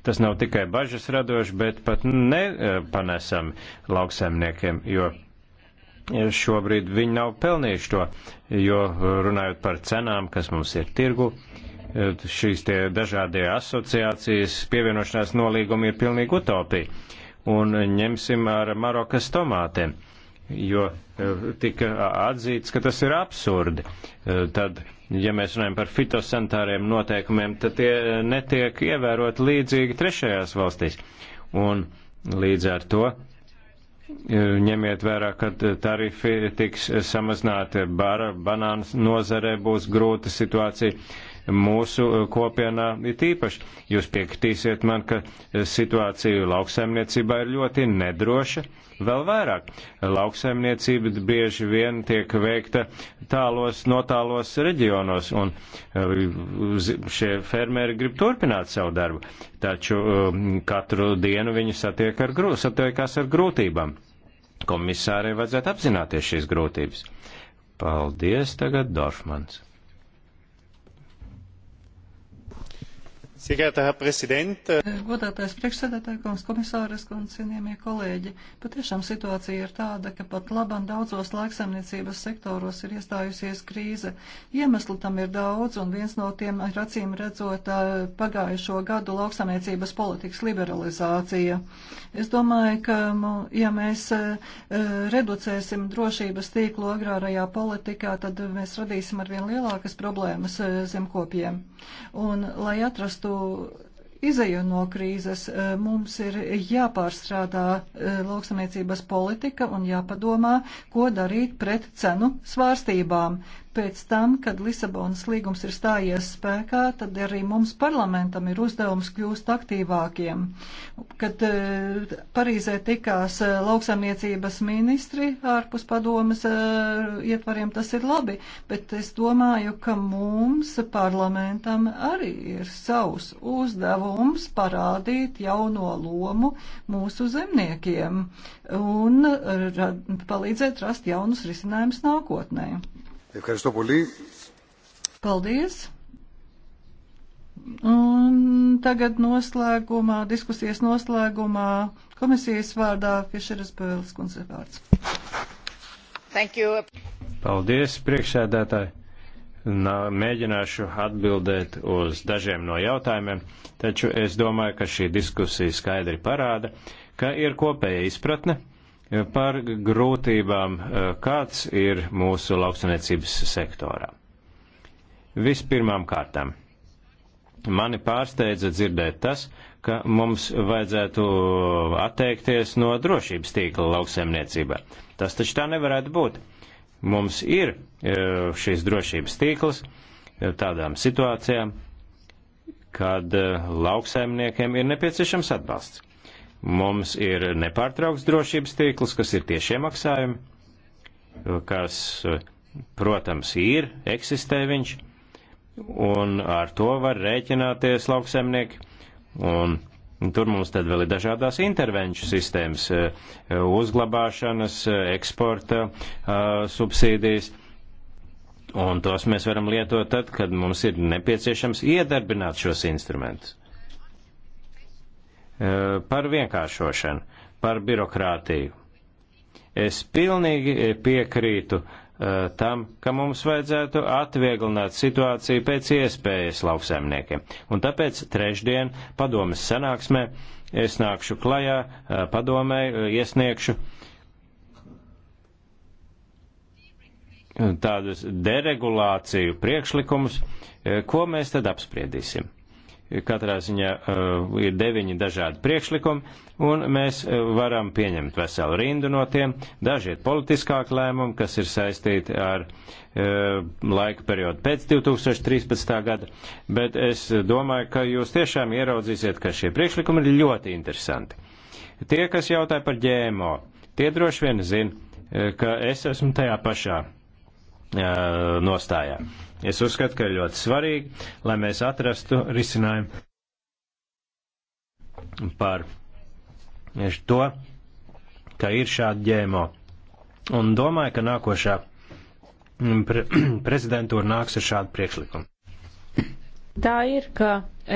Tas nav tikai bažas radoši, bet pat nepanesami lauksaimniekiem, jo šobrīd viņi nav pelnījuši to, jo runājot par cenām, kas mums ir tirgu, šīs tie dažādie asociācijas pievienošanās nolīgumi ir pilnīgi utopija. Un ņemsim ar Marokas tomātiem, jo tika atzīts, ka tas ir absurdi. Tad ja mēs runājam par fitosantāriem noteikumiem, tad tie netiek ievērot līdzīgi trešajās valstīs. Un līdz ar to e, ņemiet vērā, ka tarifi tiks samazināti, bara, banānas nozarē būs grūta situācija mūsu eh, kopienā ir tīpaši. Jūs piekritīsiet man, ka eh, situācija lauksaimniecībā ir ļoti nedroša. Vēl vairāk, lauksaimniecība bieži vien tiek veikta tālos, notālos reģionos, un eh, šie fermēri grib turpināt savu darbu, taču katru dienu viņi satiek ar grū, satiekas ar grūtībām. Komisārai vajadzētu apzināties šīs grūtības. Paldies tagad, Dorfmans. Äh, Godātais priekšsēdētāji, kungs, komisāres un cienījamie kolēģi, patiešām situācija ir tāda, ka pat labam daudzos laiksaimniecības sektoros ir iestājusies krīze. Iemesli tam ir daudz, un viens no tiem ir acīm redzot pagājušo gadu lauksaimniecības politikas liberalizācija. Es domāju, ka, ja mēs reducēsim drošības tīklu agrārajā politikā, tad mēs radīsim arvien lielākas problēmas zemkopiem. Un, lai atrastu panāktu izēju no krīzes, e, mums ir jāpārstrādā e, lauksamniecības politika un jāpadomā, ko darīt pret cenu svārstībām pēc tam, kad Lisabonas līgums ir stājies spēkā, tad arī mums parlamentam ir uzdevums kļūst aktīvākiem. Kad uh, Parīzē tikās uh, lauksaimniecības ministri ārpus padomas uh, ietvariem, tas ir labi, bet es domāju, ka mums parlamentam arī ir savs uzdevums parādīt jauno lomu mūsu zemniekiem un palīdzēt rast jaunus risinājumus nākotnē. Ευχαριστώ πολύ. Paldies. Un tagad noslēgumā, diskusijas noslēgumā, komisijas vārdā Fišeras Bēles kundze vārds. Thank you. Paldies, priekšsēdētāji. Nā, mēģināšu atbildēt uz dažiem no jautājumiem, taču es domāju, ka šī diskusija skaidri parāda, ka ir kopēja izpratne par grūtībām, eh, kāds ir mūsu lauksaniecības sektorā. Vispirmām kārtām. Mani pārsteidza dzirdēt tas, ka mums vajadzētu atteikties no drošības tīkla lauksaimniecībā. Tas taču tā nevarētu būt. Mums ir eh, šīs drošības tīkls eh, tādām situācijām, kad lauksaimniekiem ir nepieciešams atbalsts. Mums ir nepārtraukts drošības tīkls, kas ir tiešie maksājumi, kas, protams, ir, eksistē viņš, un ar to var rēķināties lauksemnieki. Un Tur mums tad vēl ir dažādās intervenču sistēmas, uzglabāšanas, eksporta subsīdijas. Un tos mēs varam lietot tad, kad mums ir nepieciešams iedarbināt šos instrumentus. Eh, par vienkāršošanu, par birokrātiju. Es pilnīgi piekrītu eh, tam, ka mums vajadzētu atvieglināt situāciju pēc iespējas lauksaimniekiem. Un tāpēc trešdien padomas sanāksmē es nākšu klajā, eh, padomē iesniegšu tādus deregulāciju priekšlikumus, ko mēs tad apspriedīsim. Katrā ziņā uh, ir deviņi dažādi priekšlikumi, un mēs uh, varam pieņemt veselu rindu no tiem. Daži ir politiskāki lēmumi, kas ir saistīti ar uh, laika periodu pēc 2013. gada, bet es domāju, ka jūs tiešām ieraudzīsiet, ka šie priekšlikumi ir ļoti interesanti. Tie, kas jautāja par ģēmo, tie droši vien zina, uh, ka es esmu tajā pašā uh, nostājā. Uh, Es uzskatu, ka ir ļoti svarīgi, lai mēs atrastu risinājumu par to, ka ir šādi ģēmo. Un domāju, ka nākošā pre prezidentūra nāks ar šādu priekšlikumu. Tā ir, ka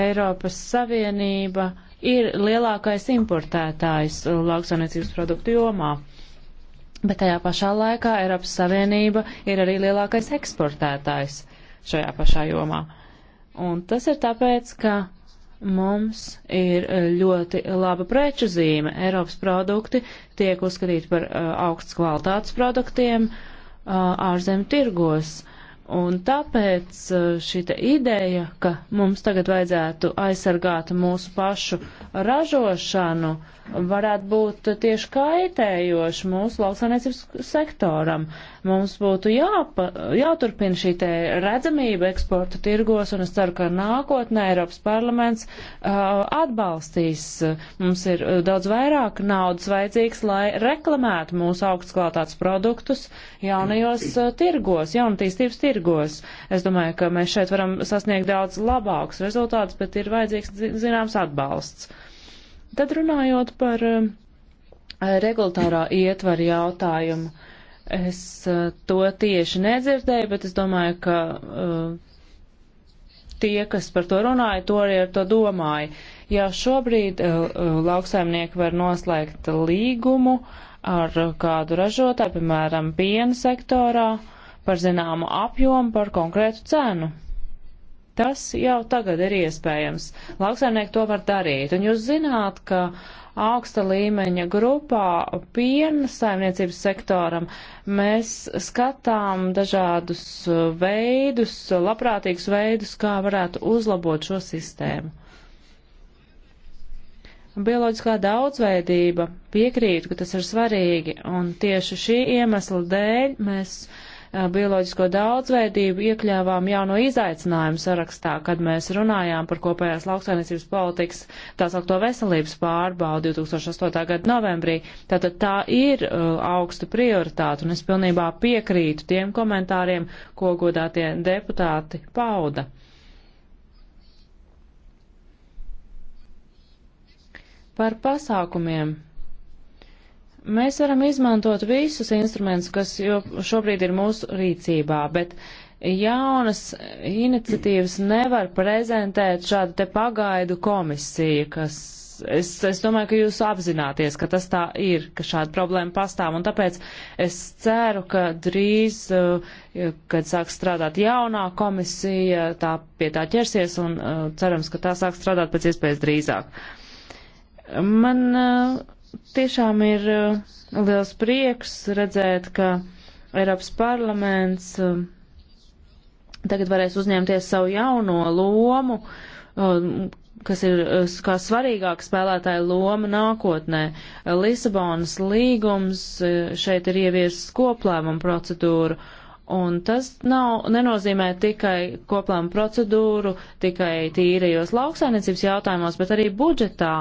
Eiropas Savienība ir lielākais importētājs lauksaimniecības produktu jomā. Bet tajā pašā laikā Eiropas Savienība ir arī lielākais eksportētājs šajā pašā jomā. Un tas ir tāpēc, ka mums ir e, ļoti laba preču zīme. Eiropas produkti tiek uzskatīti par uh, augsts kvalitātes produktiem uh, e, ārzem tirgos. Uh, Un tāpēc e, šī ideja, ka mums tagad vajadzētu aizsargāt mūsu pašu ražošanu, varētu būt tieši kaitējoši mūsu lauksainiecības sektoram. Mums būtu jāpa, jāturpina šī redzamība eksporta tirgos, un es ceru, ka nākotnē Eiropas parlaments uh, atbalstīs. Mums ir e, daudz vairāk naudas vajadzīgs, lai reklamētu mūsu augstklātāts produktus jaunajos uh, tirgos, jaunatīstības tirgos tirgos. Es domāju, ka mēs šeit varam sasniegt daudz labākus rezultātus, bet ir vajadzīgs zināms atbalsts. Tad runājot par eh, regulatārā ietvara jautājumu, es eh, to tieši nedzirdēju, bet es domāju, ka eh, tie, kas par to runāja, to arī ar to domāja. Jā, šobrīd lauksaimnieki var noslēgt līgumu ar kādu ražotāju, piemēram, piena sektorā, par zināmu apjomu, par konkrētu cenu. Tas jau tagad ir iespējams. Lauksaimnieki to var darīt. Un jūs zināt, ka augsta līmeņa grupā piena saimniecības sektoram mēs skatām dažādus veidus, labprātīgus veidus, kā varētu uzlabot šo sistēmu. Bioloģiskā daudzveidība piekrīt, ka tas ir svarīgi, un tieši šī iemesla dēļ mēs uh, Eh, bioloģisko daudzveidību iekļāvām jauno izaicinājumu sarakstā, kad mēs runājām par kopējās lauksainiecības politikas tā saukto veselības pārbaudu 2008. gada novembrī. Tātad tā ir uh, augsta prioritāte, un es pilnībā piekrītu tiem komentāriem, ko godātie deputāti pauda. Par pasākumiem Mēs varam izmantot visus instrumentus, kas šobrīd ir mūsu rīcībā, bet jaunas iniciatīvas nevar prezentēt šādu te pagaidu komisiju, kas es, es domāju, ka jūs apzināties, ka tas tā ir, ka šāda problēma pastāv, un tāpēc es ceru, ka drīz, uh, kad sāks strādāt jaunā komisija, tā pie tā ķersies, un uh, cerams, ka tā sāks strādāt pēc iespējas drīzāk. Man uh, tiešām ir uh, liels prieks redzēt, ka Eiropas parlaments um, tagad varēs uzņemties savu jauno lomu, um, kas ir uh, kā svarīgāk spēlētāja loma nākotnē. Lisabonas līgums uh, šeit ir ieviesis koplēmumu procedūru, Un tas nav, nenozīmē tikai koplānu procedūru, tikai tīrajos lauksainicības jautājumos, bet arī budžetā.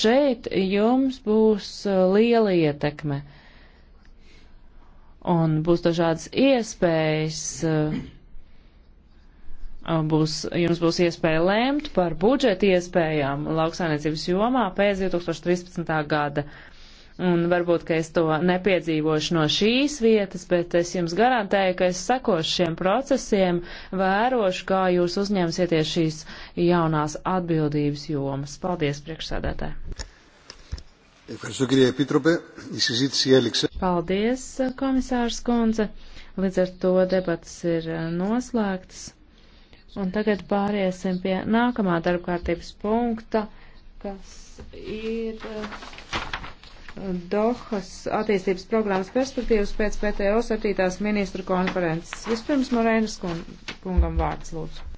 Šeit jums būs uh, liela ietekme. Un būs dažādas iespējas, uh, uh, būs, jums būs iespēja lēmt par budžeta iespējām lauksainiecības jomā pēc 2013. gada. Un varbūt, ka es to nepiedzīvošu no šīs vietas, bet es jums garantēju, ka es sekošu šiem procesiem, vērošu, kā jūs uzņemsieties šīs jaunās atbildības jomas. Paldies, priekšsēdētāji! Paldies, komisārs Kunze. Līdz ar to debatas ir eh, noslēgtas. Un tagad pāriesim pie nākamā darbkārtības punkta, kas ir. Eh, Dohas attīstības programmas perspektīvas pēc PTO 7. ministru konferences. Vispirms Morēnas kungam vārds lūdzu.